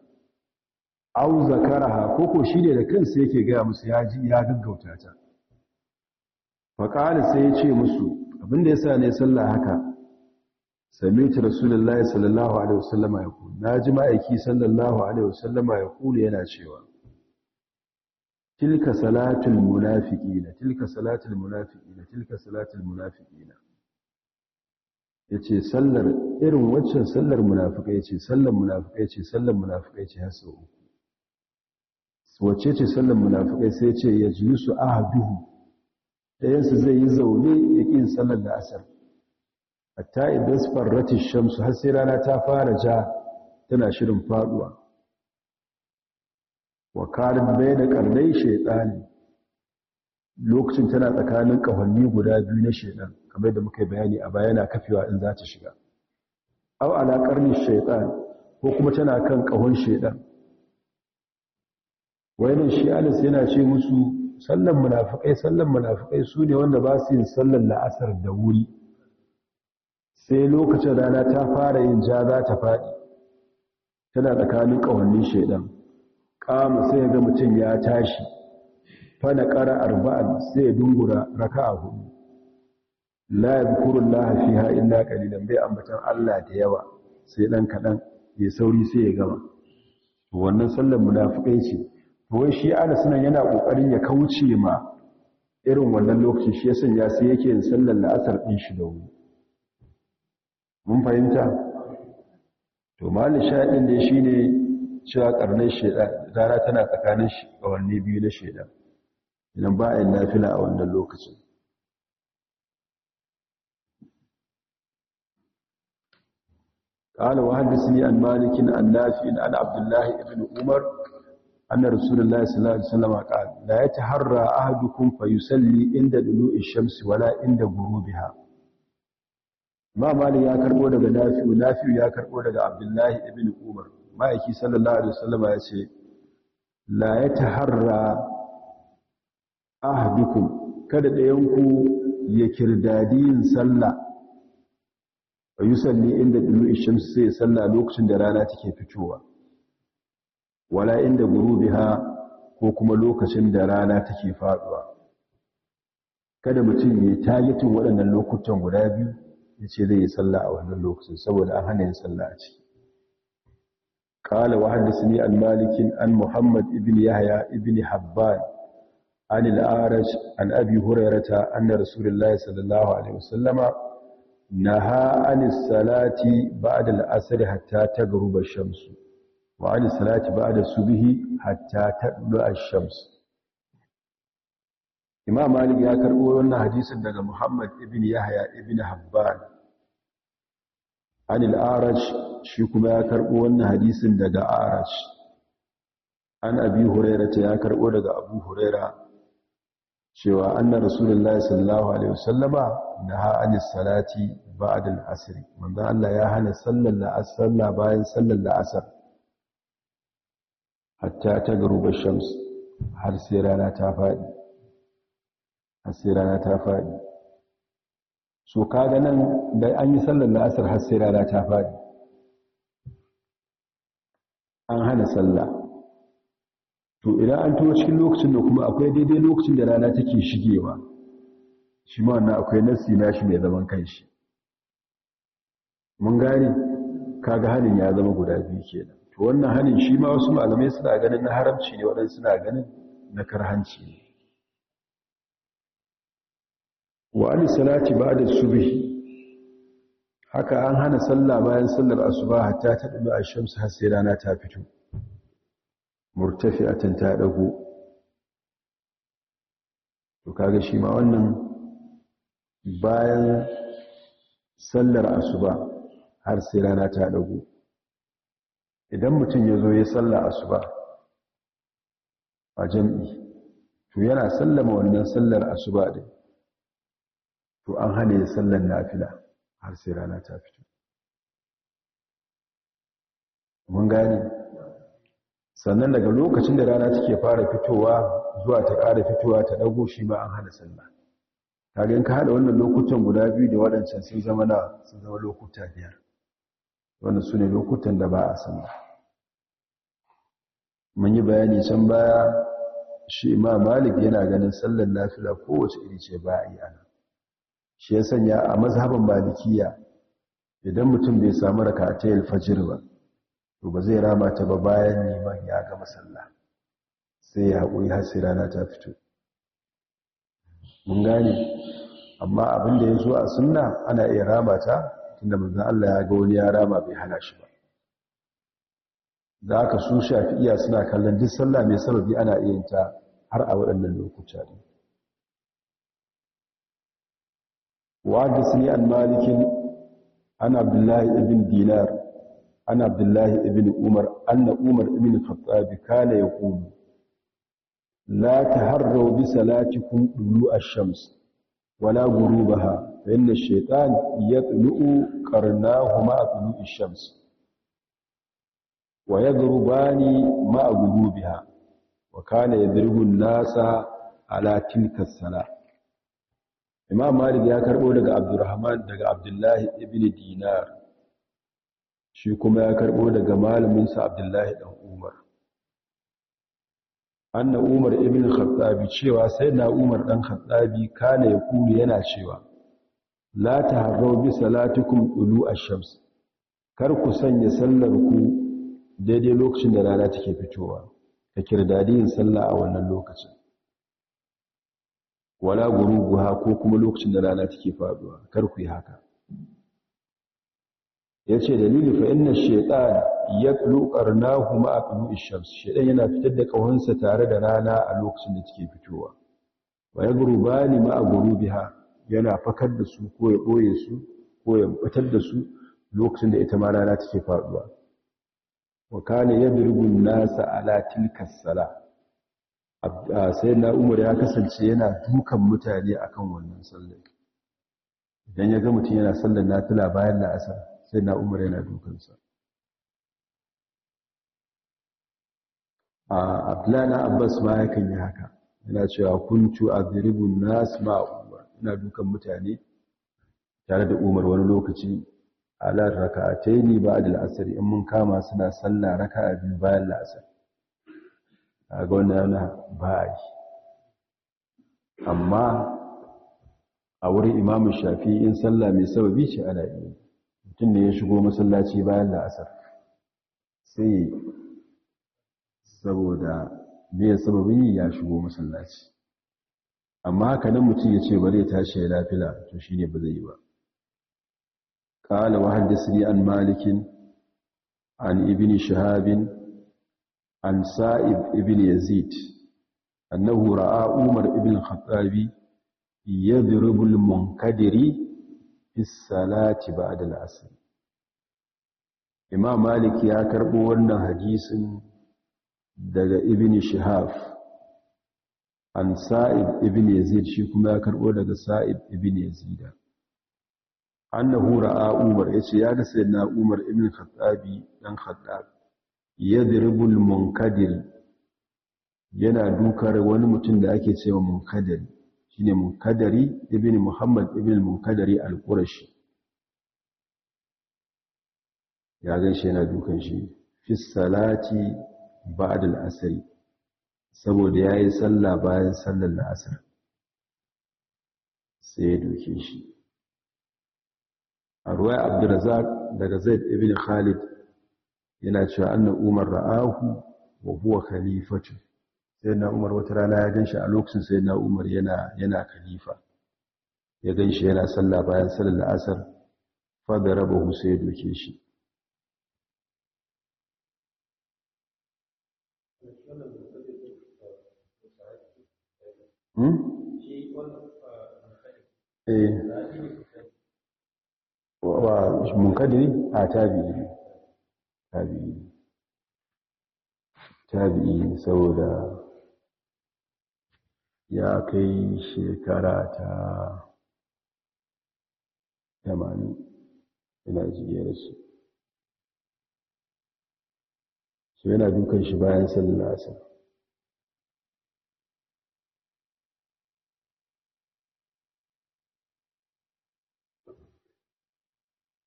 au zakaraha ko ko shi ne da kansa yake gaya musu ya ji ya gaggauta ta faƙali sai ya ce musu abinda ya sa ne sallar haka sami rasulullahi sallallahu alaihi wasallama ya kuli na ji ma'aiki sallallahu alaihi wasallama ya kula yana cewa tilka salatul munafiqina tilka salatul munafiqina tilka salatul munafiqina yace sallar irin waccan sallar munafikai ce sallar munafikai ce sallar munafikai ce har sau uku wacce ce sallar munafikai sai ce yajlisu ahaduhu dayansu zai yi zaune ya ƙin sallar da asar hatta idan farrati shamsu har sai rana ta fara ja tana shirin faduwa wa karin bai da karnai shaidani lokacin tana tsakanin kahonni guda biyu na shaidan kamar da muka bayani a bayana kafewa in za ta shiga aw ala karni shaidan ko kuma tana kan kahon shaidan wayannan shi alis yana ce musu sallan munafikai sallan munafikai su ne wanda ba su yin sallan la'asar da wuri sai lokacin rana ta fara yin ja za ta faɗi tana tsakanin ƙawannin shaidan kama sai ga mutum ya tashi fana ƙara arba'an sai dungura raka a hudu la kurun laha fiha illa qalilan bai ambatan Allah da yawa sai dan kaɗan ya sauri sai ya gama wannan sallar munafikai ce wai shi ana sunan yana kokarin ya kauce ma irin wannan lokaci shi ya ya sai yake yin sallar la'asar ɗin shi da wuri mun fahimta to malin sha'in da ne. cewa karnin shaidan rana tana tsakanin awanni biyu na shaidan idan ba a yin nafila a wannan lokacin قال وحدثني عن مالك عن نافع عن عبد الله بن عمر أن رسول الله صلى الله عليه وسلم قال لا يتحرى أحدكم فيصلي عند طلوع الشمس ولا عند غروبها ما مالك يا كربو daga Nafi Nafi ya karɓo daga Abdullah ibn Umar ma'aiki sallallahu alaihi wasallam ya ce la ya taharra ahdukum kada ɗayanku ya kirdadi yin sallah wa yusalli inda dulu shams sai sallah lokacin da rana take fitowa wala inda gurubiha ko kuma lokacin da rana take faduwa kada mutum ya tagitin waɗannan lokutan guda biyu ya ce zai yi sallah a wannan lokacin saboda an hana yin sallah a ciki قال وحدثني عن مالك عن محمد ابن يحيى ابن حبان عن الأعرج عن أبي هريرة أن رسول الله صلى الله عليه وسلم نهى عن الصلاة بعد العصر حتى تغرب الشمس وعن الصلاة بعد الصبح حتى تطلع الشمس Imam Malik ya karbo wannan hadisin daga Muhammad ibn Yahya ibn Habban an al-Arash shi kuma ya karɓo wannan hadisin daga arash an abi huraira ta ya karɓo daga abu huraira cewa annar rasulullahi sallallahu alaihi wasallama na ha'anis salati ba'ad al-asr manzo Allah ya hana sallar la'asar bayan sallar la'asar hatta ta garuba shams har sai rana ta faɗi har sai rana ta faɗi so kaga nan da an yi sallar la'asar har sai rana ta faɗi an hana sallah to idan an tuwo cikin lokacin da kuma akwai daidai lokacin da rana take shigewa shi ma wannan akwai nassi na shi mai zaman kanshi mun gane kaga hanin ya zama guda biyu kenan to wannan hanin shi ma wasu malamai suna ganin na haramci ne waɗansu suna ganin na karhanci ne wa an salati ba'da subhi haka an hana sallah bayan sallar asuba hatta ta dubi a shamsu har sai rana ta fito murtafi'atan ta dago to kaga shi ma wannan bayan sallar asuba har sai rana ta dago idan mutum ya zo ya salla asuba a jam'i to yana sallama wannan sallar asuba din to an hana sallar nafila har sai rana ta fito mun gane sannan daga lokacin da rana take fara fitowa zuwa ta ƙara fitowa ta ɗago shi ba an hana sallah kaga in ka hada wannan lokutan guda biyu da waɗancan sun zama na sun zama lokuta biyar wannan su ne lokutan da ba a sallah mun yi bayani can baya shi imam malik yana ganin sallar nafila kowace iri ce ba a yi ana shi ya sanya a mazhaban malikiya idan mutum bai samu raka'atayil fajr ba to ba zai rama ta ba bayan neman ya gama sallah sai ya haƙuri har sai rana ta fito mun gane amma abin da ya zo a sunna ana iya rama ta tunda manzon Allah ya ga wani ya rama bai hana shi ba zaka ka su shafi'iya suna kallon duk sallah mai sababi ana iya ta har a waɗannan lokuta ne وحدثني عن مالك عن عبد الله بن دينار عن عبد الله بن عمر أن عمر بن الخطاب كان يقول لا تهروا بصلاتكم طلوع الشمس ولا غروبها فإن الشيطان يطلع قرناه مع طلوع الشمس ويضربان مع غروبها وكان يضرب الناس على تلك الصلاه imam malik ya karbo daga abdurrahman daga abdullahi ibn dinar shi kuma ya karbo daga malaminsa abdullahi dan umar anna umar ibn khattab cewa sai na umar dan khattabi kana ya kulu yana cewa la taharrau bi salatikum ulu ash-shams kar ku sanya sallar ku daidai lokacin da rana take fitowa ka kirdadi yin sallah a wannan lokacin wala guruguha ko kuma lokacin da rana take faduwa kar ku yi haka yace dalili fa inna shaytan yaklu qarnahu ma aqlu ash-shams shaytan yana fitar da kawansa tare da rana a lokacin da take fitowa wa yagrubani ma gurubiha yana fakar da su ko ya boye su ko ya batar da su lokacin da ita ma rana take faduwa wa kana yadrubu an-nasa ala tilka as sai na umar ya kasance yana dukan mutane akan wannan sallar idan ya ga mutum yana sallar na nafila bayan la'asar sai na umar yana dukansa a abdullana abbas ma ya kan yi haka yana cewa kuntu na nas ma umar ina dukan mutane tare da umar wani lokaci ala raka'ataini ba'da al-asr in mun kama suna sallah raka'a biyu bayan al a ga yana ba a yi amma a wurin imamun shafi in sallah mai sababi ce ana iya mutum ne ya shigo masallaci bayan la'asar sai saboda biyan sababin ya shigo masallaci amma haka nan mutum ya ce ba zai tashi ya lafila to shi ne ba zai yi ba ƙala wa haddasa an malikin an ibini shahabin an sa'ib ibn yazid annahu ra'a umar ibn khattabi yadribu al-munkadiri isalati ba ba'da al imam malik ya karɓo wannan hadisin daga ibn Shahaf. an sa'ib ibn yazid shi kuma ya karbo daga sa'ib ibn yazida annahu ra'a umar yace ya ga yana umar ibn khattabi dan khattab yadribul munkadir yana dukar wani mutum da ake cewa munkadari shine munkadari ibn muhammad ibn munkadari al-qurashi ya gaishe yana dukan shi fi salati ba'd al-asr saboda yayi sallah bayan sallar al-asr sai ya duke shi a ruwaya abdurrazzaq daga zaid ibn khalid yana cewa anna umar ra'ahu wa huwa khalifatu na umar wata rana ya ganshi a lokacin sai na umar yana yana khalifa ya ganshi yana sallah bayan sallar asar fa raba sai ya doke shi wa munkadiri a tabi'i tabi'i tabi'i saboda ya kai shekara ta 80 ina da su so yana dukan shi bayan sallar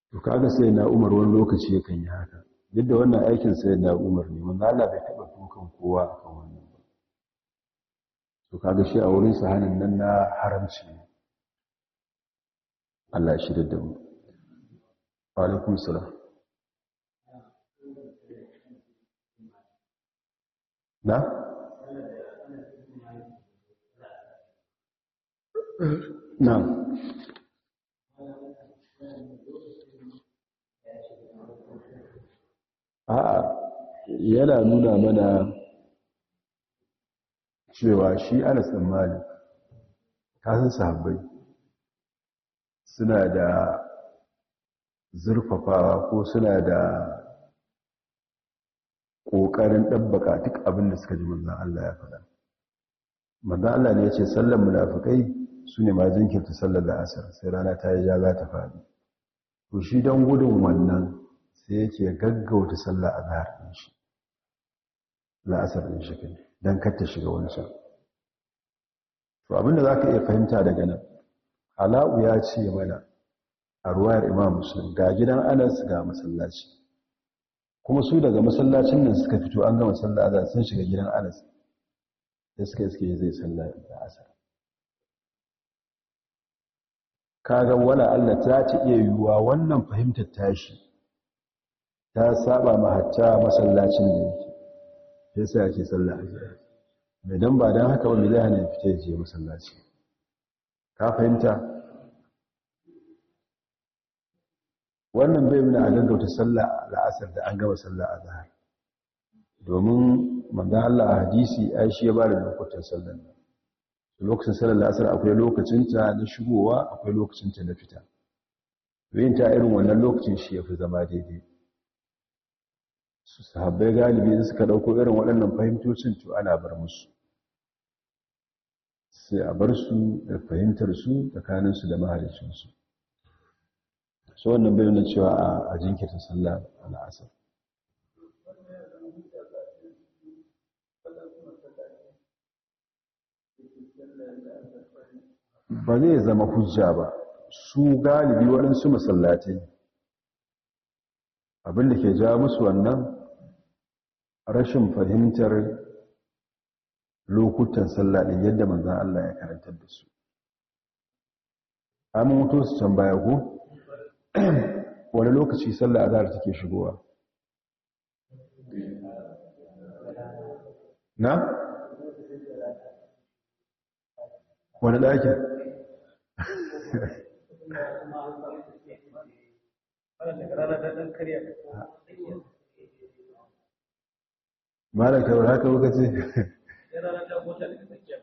to kaga sai na umar wani lokaci yakan yi haka Yadda wannan aikin sai na umar ne wanda Allah bai taɓa dukan kowa a kan wannan ba to kaga shi a wurin sahanin nan na haramci Allah ya shirya da mu alaikum salam na na a'a yana nuna mana cewa shi ana tsammani kasan sahabbai suna da zurfafawa ko suna da ƙoƙarin ɗabbaka duk abin da suka ji manzan Allah ya faɗa. Manzan Allah ne ya ce, Sallan munafukai su ne ma sallar da asar sai rana ta yi ja za ta faɗi. To shi don gudun wannan sai yake gaggauta sallah a zahar ɗin shi la'asar ɗin shi kai don katta shiga wancan to abinda za ka iya fahimta daga nan ala'u ya ce mana a ruwayar imam musulun ga gidan anas ga masallaci kuma su daga masallacin nan suka fito an gama sallar azhar sun shiga gidan anas da suka iske zai sallah azhar kaga wala Allah ta ce iya yiwuwa wannan fahimtar tashi ta saba ma hatta masallacin da yake ya sa yake sallah mai don ba don haka wani zai hana fita je masallaci ka fahimta wannan bai muna a gaggauta sallah la'asar da an gaba sallah a zahar domin manzan Allah a hadisi ya shi ya ba da lokutan sallar lokacin sallah la'asar akwai lokacinta na shigowa akwai lokacinta na fita yin ta irin wannan lokacin shi ya fi zama daidai su sahabbai galibi suka ɗauko irin waɗannan fahimtocin to ana bar musu sai a bar su da fahimtar su tsakaninsu da mahalicinsu su wannan bai nuna cewa a jinkirta sallah al'asar ba zai zama hujja ba su galibi waɗansu masallatai abinda ke ja musu wannan rashin fahimtar lokutan sallah din yadda manzon Allah ya karantar da su amma mutum su can baya ko wani lokaci sallah azhar take shigowa na wani ɗakin da ɗan kariya malam wani haka lokaci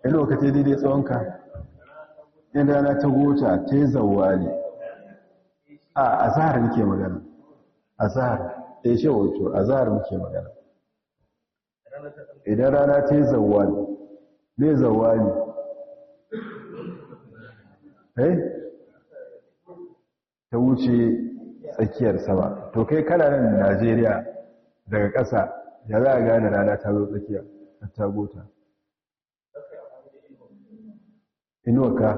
ya lokaci daidai tsawonka in rana ta gota ta yi zawali a azahar muke magana azahar ya yi a azahar muke magana idan rana ta yi zawali ne ne eh ta wuce tsakiyar sama to kai kana nan najeriya daga ƙasa da za a gane rana ta zo tsakiya a tagota inuwaka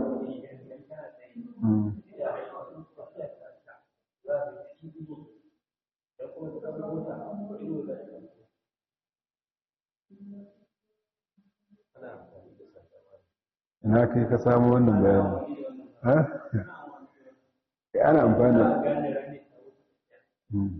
ina kai ka samu wannan bayani ha? ana amfani da hmm.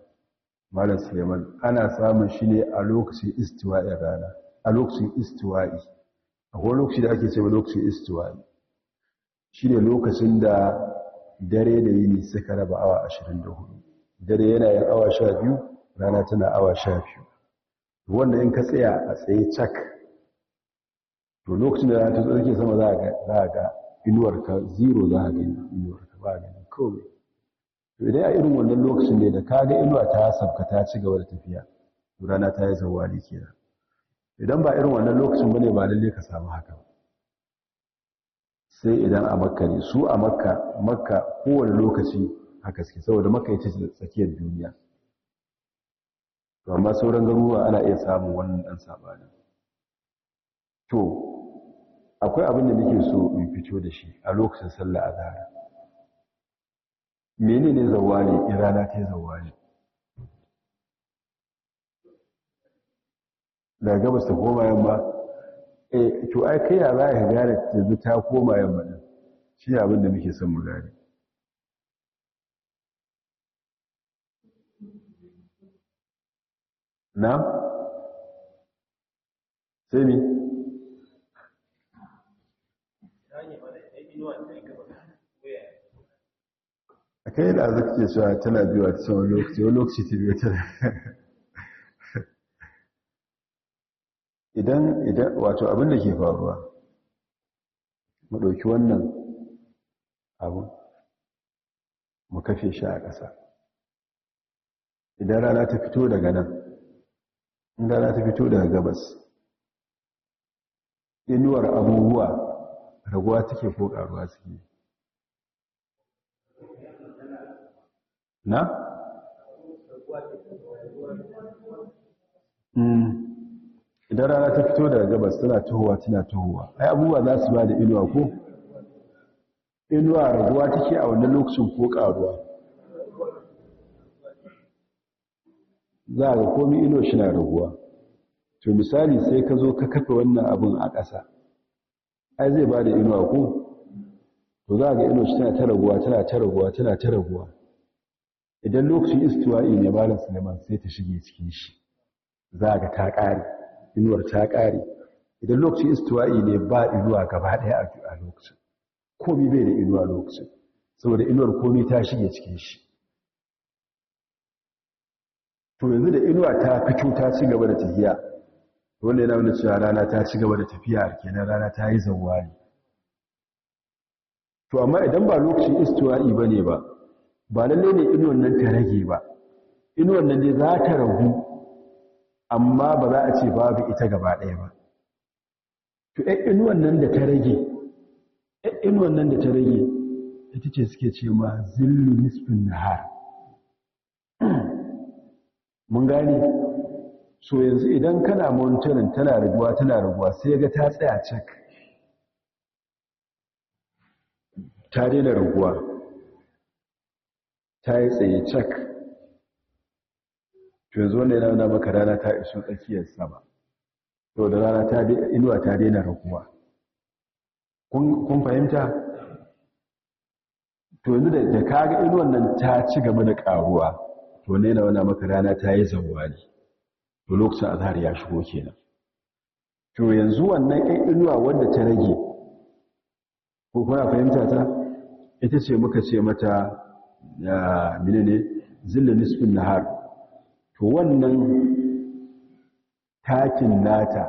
malam suleiman ana samun shi ne a lokacin istiwa'i rana a lokacin istiwa'i kuma lokaci da ake cewa lokacin istiwa'i shi ne lokacin da dare da yini suka raba awa 24 dare yana yin awa 12 rana tana awa 12 wanda in ka tsaya a tsaye cak to lokacin da ta tsarki sama za a ga inuwarka zero za a inuwar inuwarka ba a ga kome to idan a irin wannan lokacin ne da kaga inuwa ta sabka ta ci gaba da tafiya to rana ta yi zawali kenan idan ba irin wannan lokacin bane ba lalle ka samu haka sai idan a makka ne su a makka makka kowane lokaci haka suke saboda makka yace tsakiyar duniya to amma sauran garuruwa ana iya samun wannan dan sabani to akwai abin da nake so in fito da shi a lokacin sallah azhar mene ne zawali in rana ta yi zawali da gaba su koma yamma eh to ai kai ya za ka gane yanzu ta koma yamma din shi abin da muke son mu gane na sai ne a kai da azu ke cewa tana biyuwa ta tsawon lokaci wani lokaci ta biyu tana idan idan wato abin da ke faruwa mu ɗauki wannan abu mu kafe shi a ƙasa idan rana ta fito daga nan in rana ta fito daga gabas inuwar abubuwa raguwa take ko ƙaruwa suke na? Hmm. idan rana ta fito daga gabas tana tuhowa tana tuhowa ai abubuwa za su ba da inuwa ko? inuwa raguwa take a wani lokacin ko karuwa za a ga komi ino shi na raguwa to misali sai ka zo ka kafa wannan abin a ƙasa ai zai ba da inuwa ko? to za a ga ino shi tana ta raguwa tana ta raguwa tana ta raguwa idan lokacin istiwa'i ne malam suleiman sai ta shige cikin shi za ga ta ƙare inuwar ta ƙare idan lokacin istiwa'i ne ba inuwa gaba ɗaya a lokacin komi bai da inuwa lokacin saboda inuwar komi ta shige cikin shi to yanzu da inuwa ta fito ta ci gaba da tafiya wanda yana wani cewa rana ta ci gaba da tafiya kenan rana ta yi zawari to amma idan ba lokacin istiwa'i ba ne ba ba lalle ne inuwan nan ta rage ba inuwan nan dai za ta ragu amma ba za a ce babu ita gaba ɗaya ba to ɗan eh, inuwan nan da ta rage ɗan eh, inuwan nan da ta rage ita ce suke ce ma zillu nisfin nahar mun gane so yanzu idan kana monitorin tana raguwa tana raguwa sai ga ta tsaya cak ta daina raguwa ta yi tsaye cak to yanzu ne yana maka rana ta iso tsakiyar sama to da rana ta inuwa ta daina rukuwa kun fahimta to yanzu da kaga inuwan nan ta ci gaba da karuwa to ne na wana maka rana ta yi ne. to lokacin azhar ya shigo kenan to yanzu wannan ɗan inuwa wanda ta rage ko kuna fahimta ta ita ce muka ce mata ne zilla nisfin nahar to wannan takin nata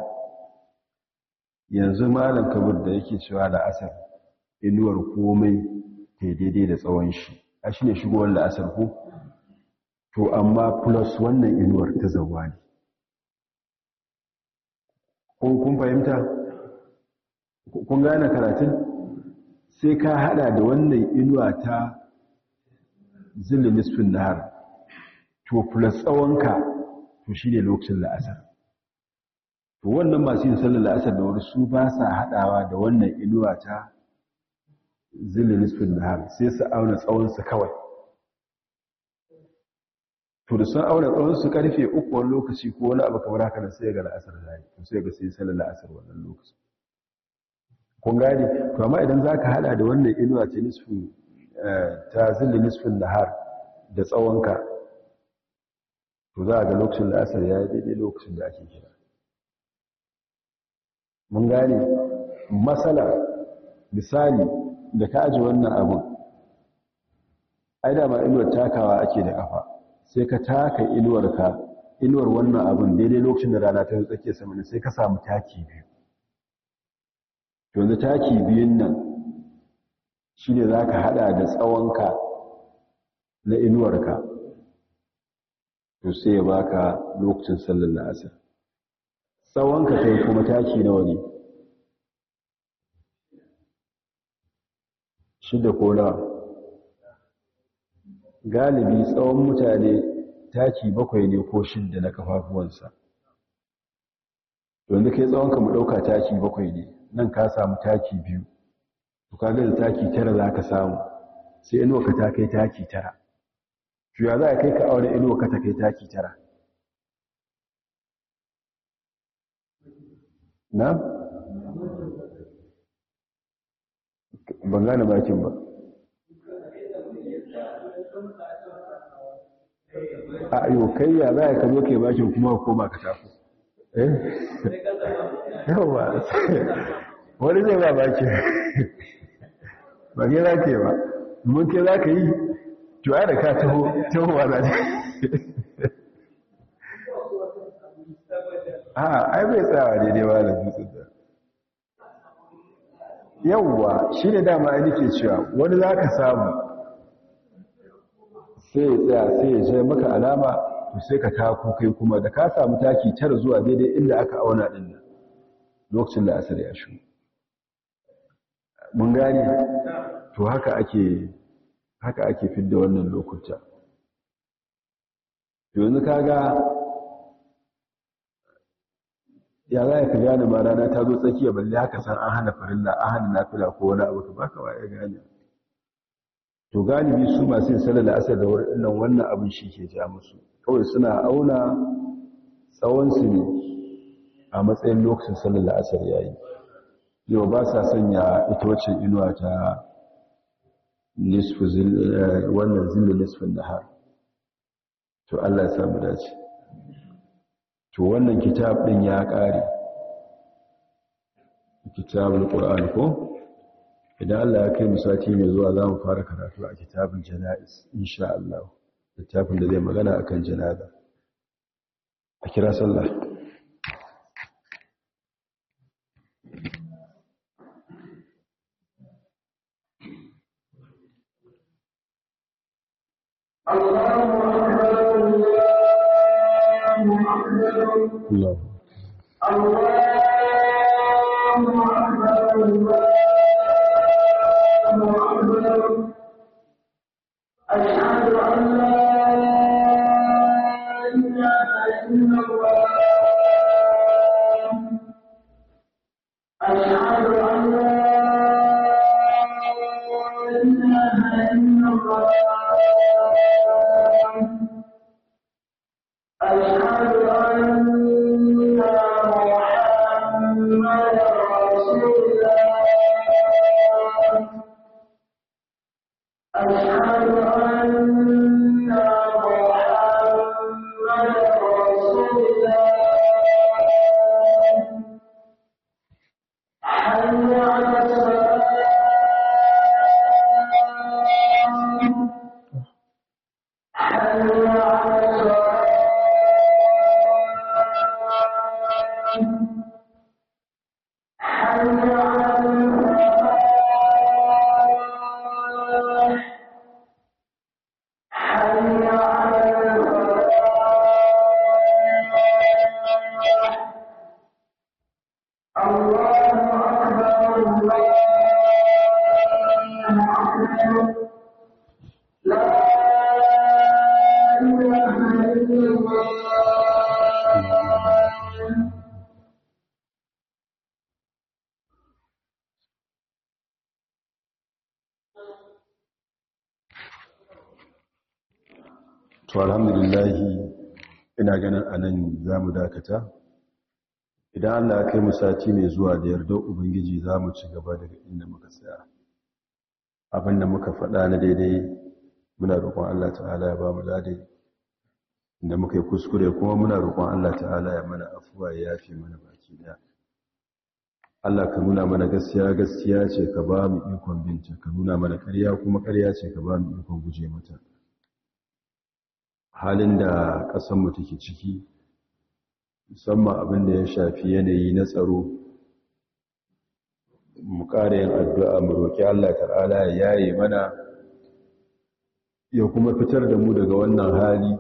yanzu malam kabir da yake cewa da asar inuwar komai ta daidai da tsawon shi a shi ne shigowar la'asar ko to amma plus wannan inuwar ta ne. kun fahimta kun gane karatun sai ka hada da wannan inuwa ta zilli nisfin nahar to plus tsawonka to shi ne lokacin la'asar to wannan masu yin sallar la'asar da wani su ba sa haɗawa da wannan inuwa ta zilli nisfin nahar sai su auna tsawonsu kawai to da sun auna tsawonsu karfe uku wani lokaci ko wani abu kamar haka sai ga la'asar zai to sai ga sai sallar la'asar wannan lokaci kun gane to amma idan za ka haɗa da wannan inuwa ta nisfin Eh, ta zilli nisfin nahar da tsawonka to za a ga lokacin da asar ya yi daidai lokacin da ake kira mun gane matsala misali da ka aji wannan abin ai da ma inuwar takawa ake da kafa sai ka taka inuwar ka inuwar wannan abin daidai lokacin da rana ta tsakiyar sama sai ka samu taki biyu yanzu taki biyun nan shi ne za ka haɗa da tsawonka na inuwarka to sai ya baka lokacin sallar la'asar tsawonka yi kuma taki nawa ne shida ko nawa galibi tsawon mutane taki bakwai ne ko da na kafafuwansa yanzu kai tsawonka mu ɗauka taki bakwai ne nan ka samu taki biyu to kaga da taki tara za ka samu sai inuwa ka ta kai taki tara to ya za a kai ka aure inuwa ka ta kai taki tara na? ban gane bakin ba a yau kai ya za a ka zo ke bakin kuma koma ka tafi eh? yawa wani zai ba bakin ba ne za ke ba mun ke za ka yi tuwa da ka taho za ne ha ah, ai bai tsawa daidai ba da dutsen da yauwa shi ne dama ai nike cewa wani za ka samu sai ya tsaya sai ya je maka alama to sai ka tako kai kuma da ka samu taki tara zuwa daidai inda aka auna ɗin lokacin da asar ya shuka mun gane to haka ake haka ake fidda wannan lokuta yanzu kaga ya za ka gane ma rana ta zo tsakiya balle haka san an hana farilla an hana nafila ko wani abu ka baka waye gane to galibi su masu yin sallar asar da wannan wannan abin shi ke ja musu kawai suna auna tsawon su ne a matsayin lokacin sallar asar yayi yau ba sa sanya ita wacce inuwa ta eh, wannan zillu nisfin har. to Allah ya samu dace to wannan kitab din ya kare al qur'an ko idan Allah ya kai mu sati mai zuwa za mu fara karatu a kitabin jana'is, insha Allah littafin da zai magana akan janaza a kira sallah الله الله أكبر الله أكبر za mu dakata idan allah ya kai mu sati mai zuwa da yardar ubangiji za mu ci gaba daga inda muka tsaya abinda da muka faɗa na daidai muna roƙon allah ta'ala ya ba mu ladai inda muka yi kuskure kuma muna roƙon allah ta'ala ya mana afuwa ya yafe mana baki ɗaya allah ka nuna mana gaskiya gaskiya ce ka ba mu ikon binta ka nuna mana ƙarya kuma ƙarya ce ka ba mu ikon guje mata halin da ƙasar mu take ciki musamman abin da ya shafi yanayi na tsaro mu ƙara yin addu'a mu roƙi Allah ta'ala ya yaye mana ya kuma fitar da mu daga wannan hali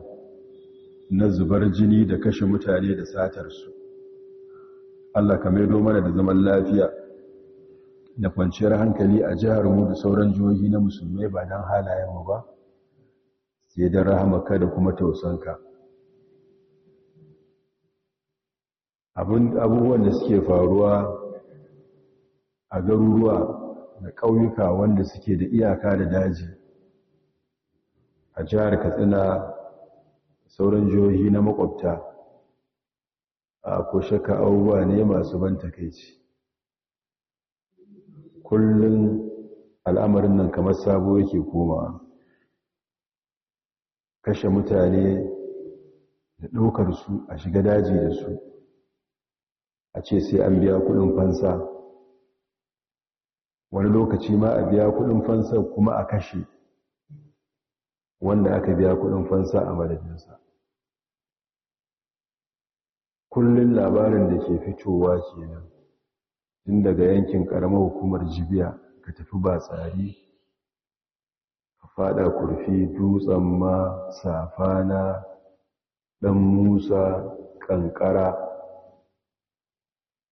na zubar jini da kashe mutane da satarsu Allah ka maido mana da zaman lafiya da kwanciyar hankali a jihar mu da sauran jihohi na musulmai ba don halayenmu ba sai don rahamaka da kuma tausanka. abubuwan da suke faruwa a garuruwa da ƙauyuka wanda suke da iyaka da daji a jihar katsina sauran jihohi na makwabta a ko abubuwa ne masu ban takaici kullum al'amarin nan kamar sabo yake koma kashe mutane da ɗaukar su a shiga daji da su a ce sai an biya kudin fansa wani lokaci ma a biya kudin fansa kuma a kashe wanda aka biya kudin fansa a madadinsa kullum labarin da ke fitowa nan, tun daga yankin karamar hukumar jibiya ka tafi ba tsari ka fada kurfi dutsen ma safana dan musa kankara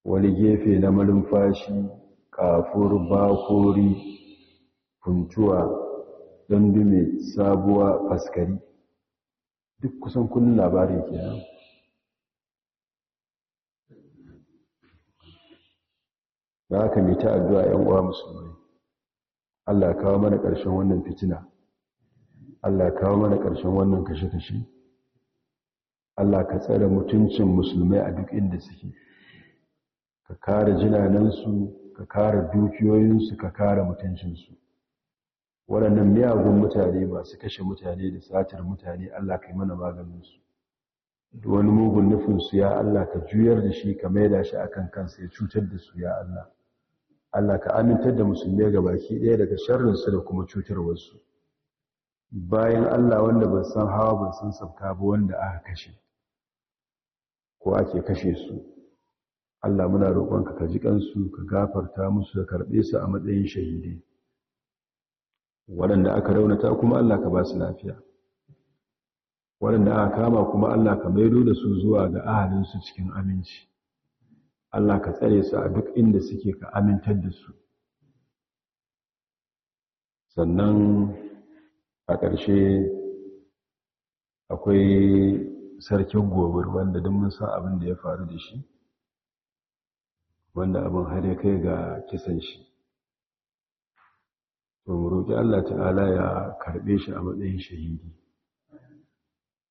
wani gefe na malumfashi kafur bakori funtuwa mai sabuwa faskari duk kusan kullum labari ke da haka mai mita addu'a ‘yan uwa musulmai Allah kawo mana ƙarshen wannan fitina Allah kawo mana ƙarshen wannan kashe-kashe Allah ka tsare mutuncin musulmai a duk inda suke ka kare jinanansu ka kare dukiyoyinsu ka kare mutuncinsu waɗannan miyagun mutane masu kashe mutane da satar mutane Allah ka yi mana maganinsu da wani mugun nufinsu ya Allah ka juyar da shi ka maida shi kan kansa ya cutar da su ya Allah Allah ka amintar da musulmi ga baki ɗaya daga sharrinsu da kuma cutarwarsu bayan Allah wanda ban san hawa ban san sabka ba wanda aka kashe ko ake kashe su Allah muna roƙonka ka ji kansu ka gafarta musu ka karɓe su a matsayin shahidai waɗanda aka raunata kuma Allah ka ba su lafiya waɗanda aka kama kuma Allah ka maido da su zuwa ga ahalinsu cikin aminci Allah ka tsare su a duk inda suke ka amintar da su sannan a ƙarshe akwai sarkin gobir wanda duk mun san abin da ya faru da shi wanda abin har ya kai ga kisan shi to mu roƙi Allah ta'ala ya karɓe shi a matsayin shahidi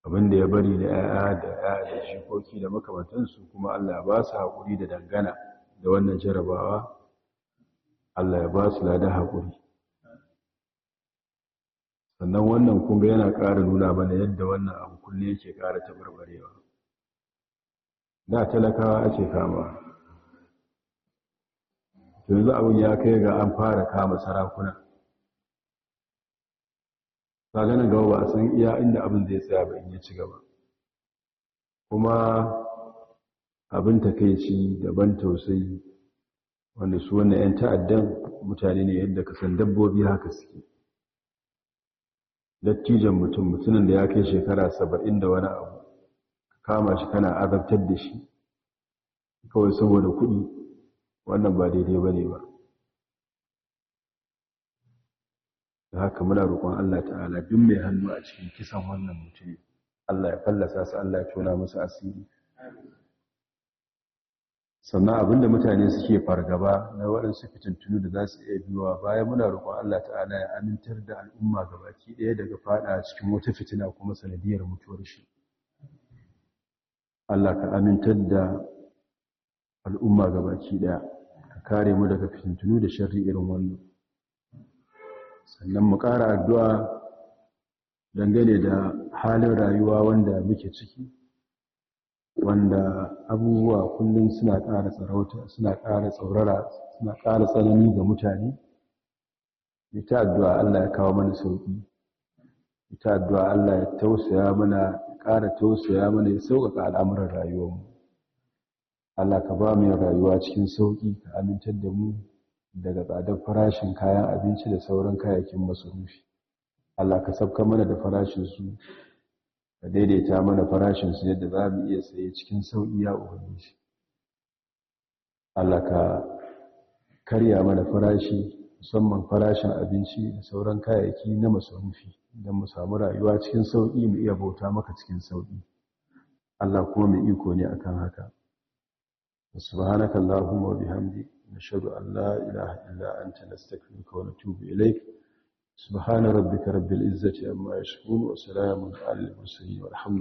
abinda ya bari da ya'ya da ya'ya da shikoki da makamantansu kuma Allah ya ba su haƙuri da dangana da wannan jarabawa Allah ya ba su lada haƙuri sannan wannan kuma yana ƙara nuna mana yadda wannan abu kullum yake ƙara tabarbarewa da talakawa ake kama yanzu abin ya kai ga an fara kama sarakuna ta ganin gaba ba a san iya inda abin zai tsaya ba in ya ci gaba kuma abin ta takaici daban tausayi wanda su wannan 'yan ta'addan mutane ne yadda ka san dabbobi haka suke dattijan mutum mutumin da ya kai shekara saba'in da wani abu kama shi kana azabtar da shi kawai saboda kuɗi wannan ba daidai ba ne ba da haka muna roƙon Allah ta'ala duk mai hannu a cikin kisan wannan mutum Allah ya fallasa su Allah ya tona musu asiri sannan abinda mutane suke fargaba na waɗansu fitintunu da za su iya biyuwa bayan muna roƙon Allah ta'ala ya amintar da al'umma gabaki ɗaya daga faɗa cikin wata fitina kuma sanadiyar mutuwar shi Allah ka amintar da al'umma gabaki daya ka kare mu daga fitintunu da sharri irin wannan sannan mu ƙara addu'a dangane da halin rayuwa wanda muke ciki wanda abubuwa kullum suna ƙara tsarauta suna ƙara tsaurara suna ƙara tsanani ga mutane ita addu'a Allah ya kawo mana sauƙi ita addu'a Allah ya tausaya mana ƙara tausaya mana ya sauƙaƙa al'amuran rayuwarmu Allah ka ba mu rayuwa cikin sauƙi ka amintar da mu daga tsadar farashin kayan abinci da sauran kayakin masarufi Allah ka sabka mana da farashin su ka daidaita mana farashin su yadda za mu iya saye cikin sauƙi ya shi. Allah ka karya mana farashi musamman farashin abinci da sauran kayayyaki na masarufi don mu samu rayuwa cikin sauƙi mu iya bauta maka cikin sauƙi Allah kuma mai iko ne akan haka سبحانك اللهم وبحمدك نشهد أن لا إله إلا أنت نستغفرك ونتوب إليك سبحان ربك رب العزة عما يصفون وسلام على المرسلين والحمد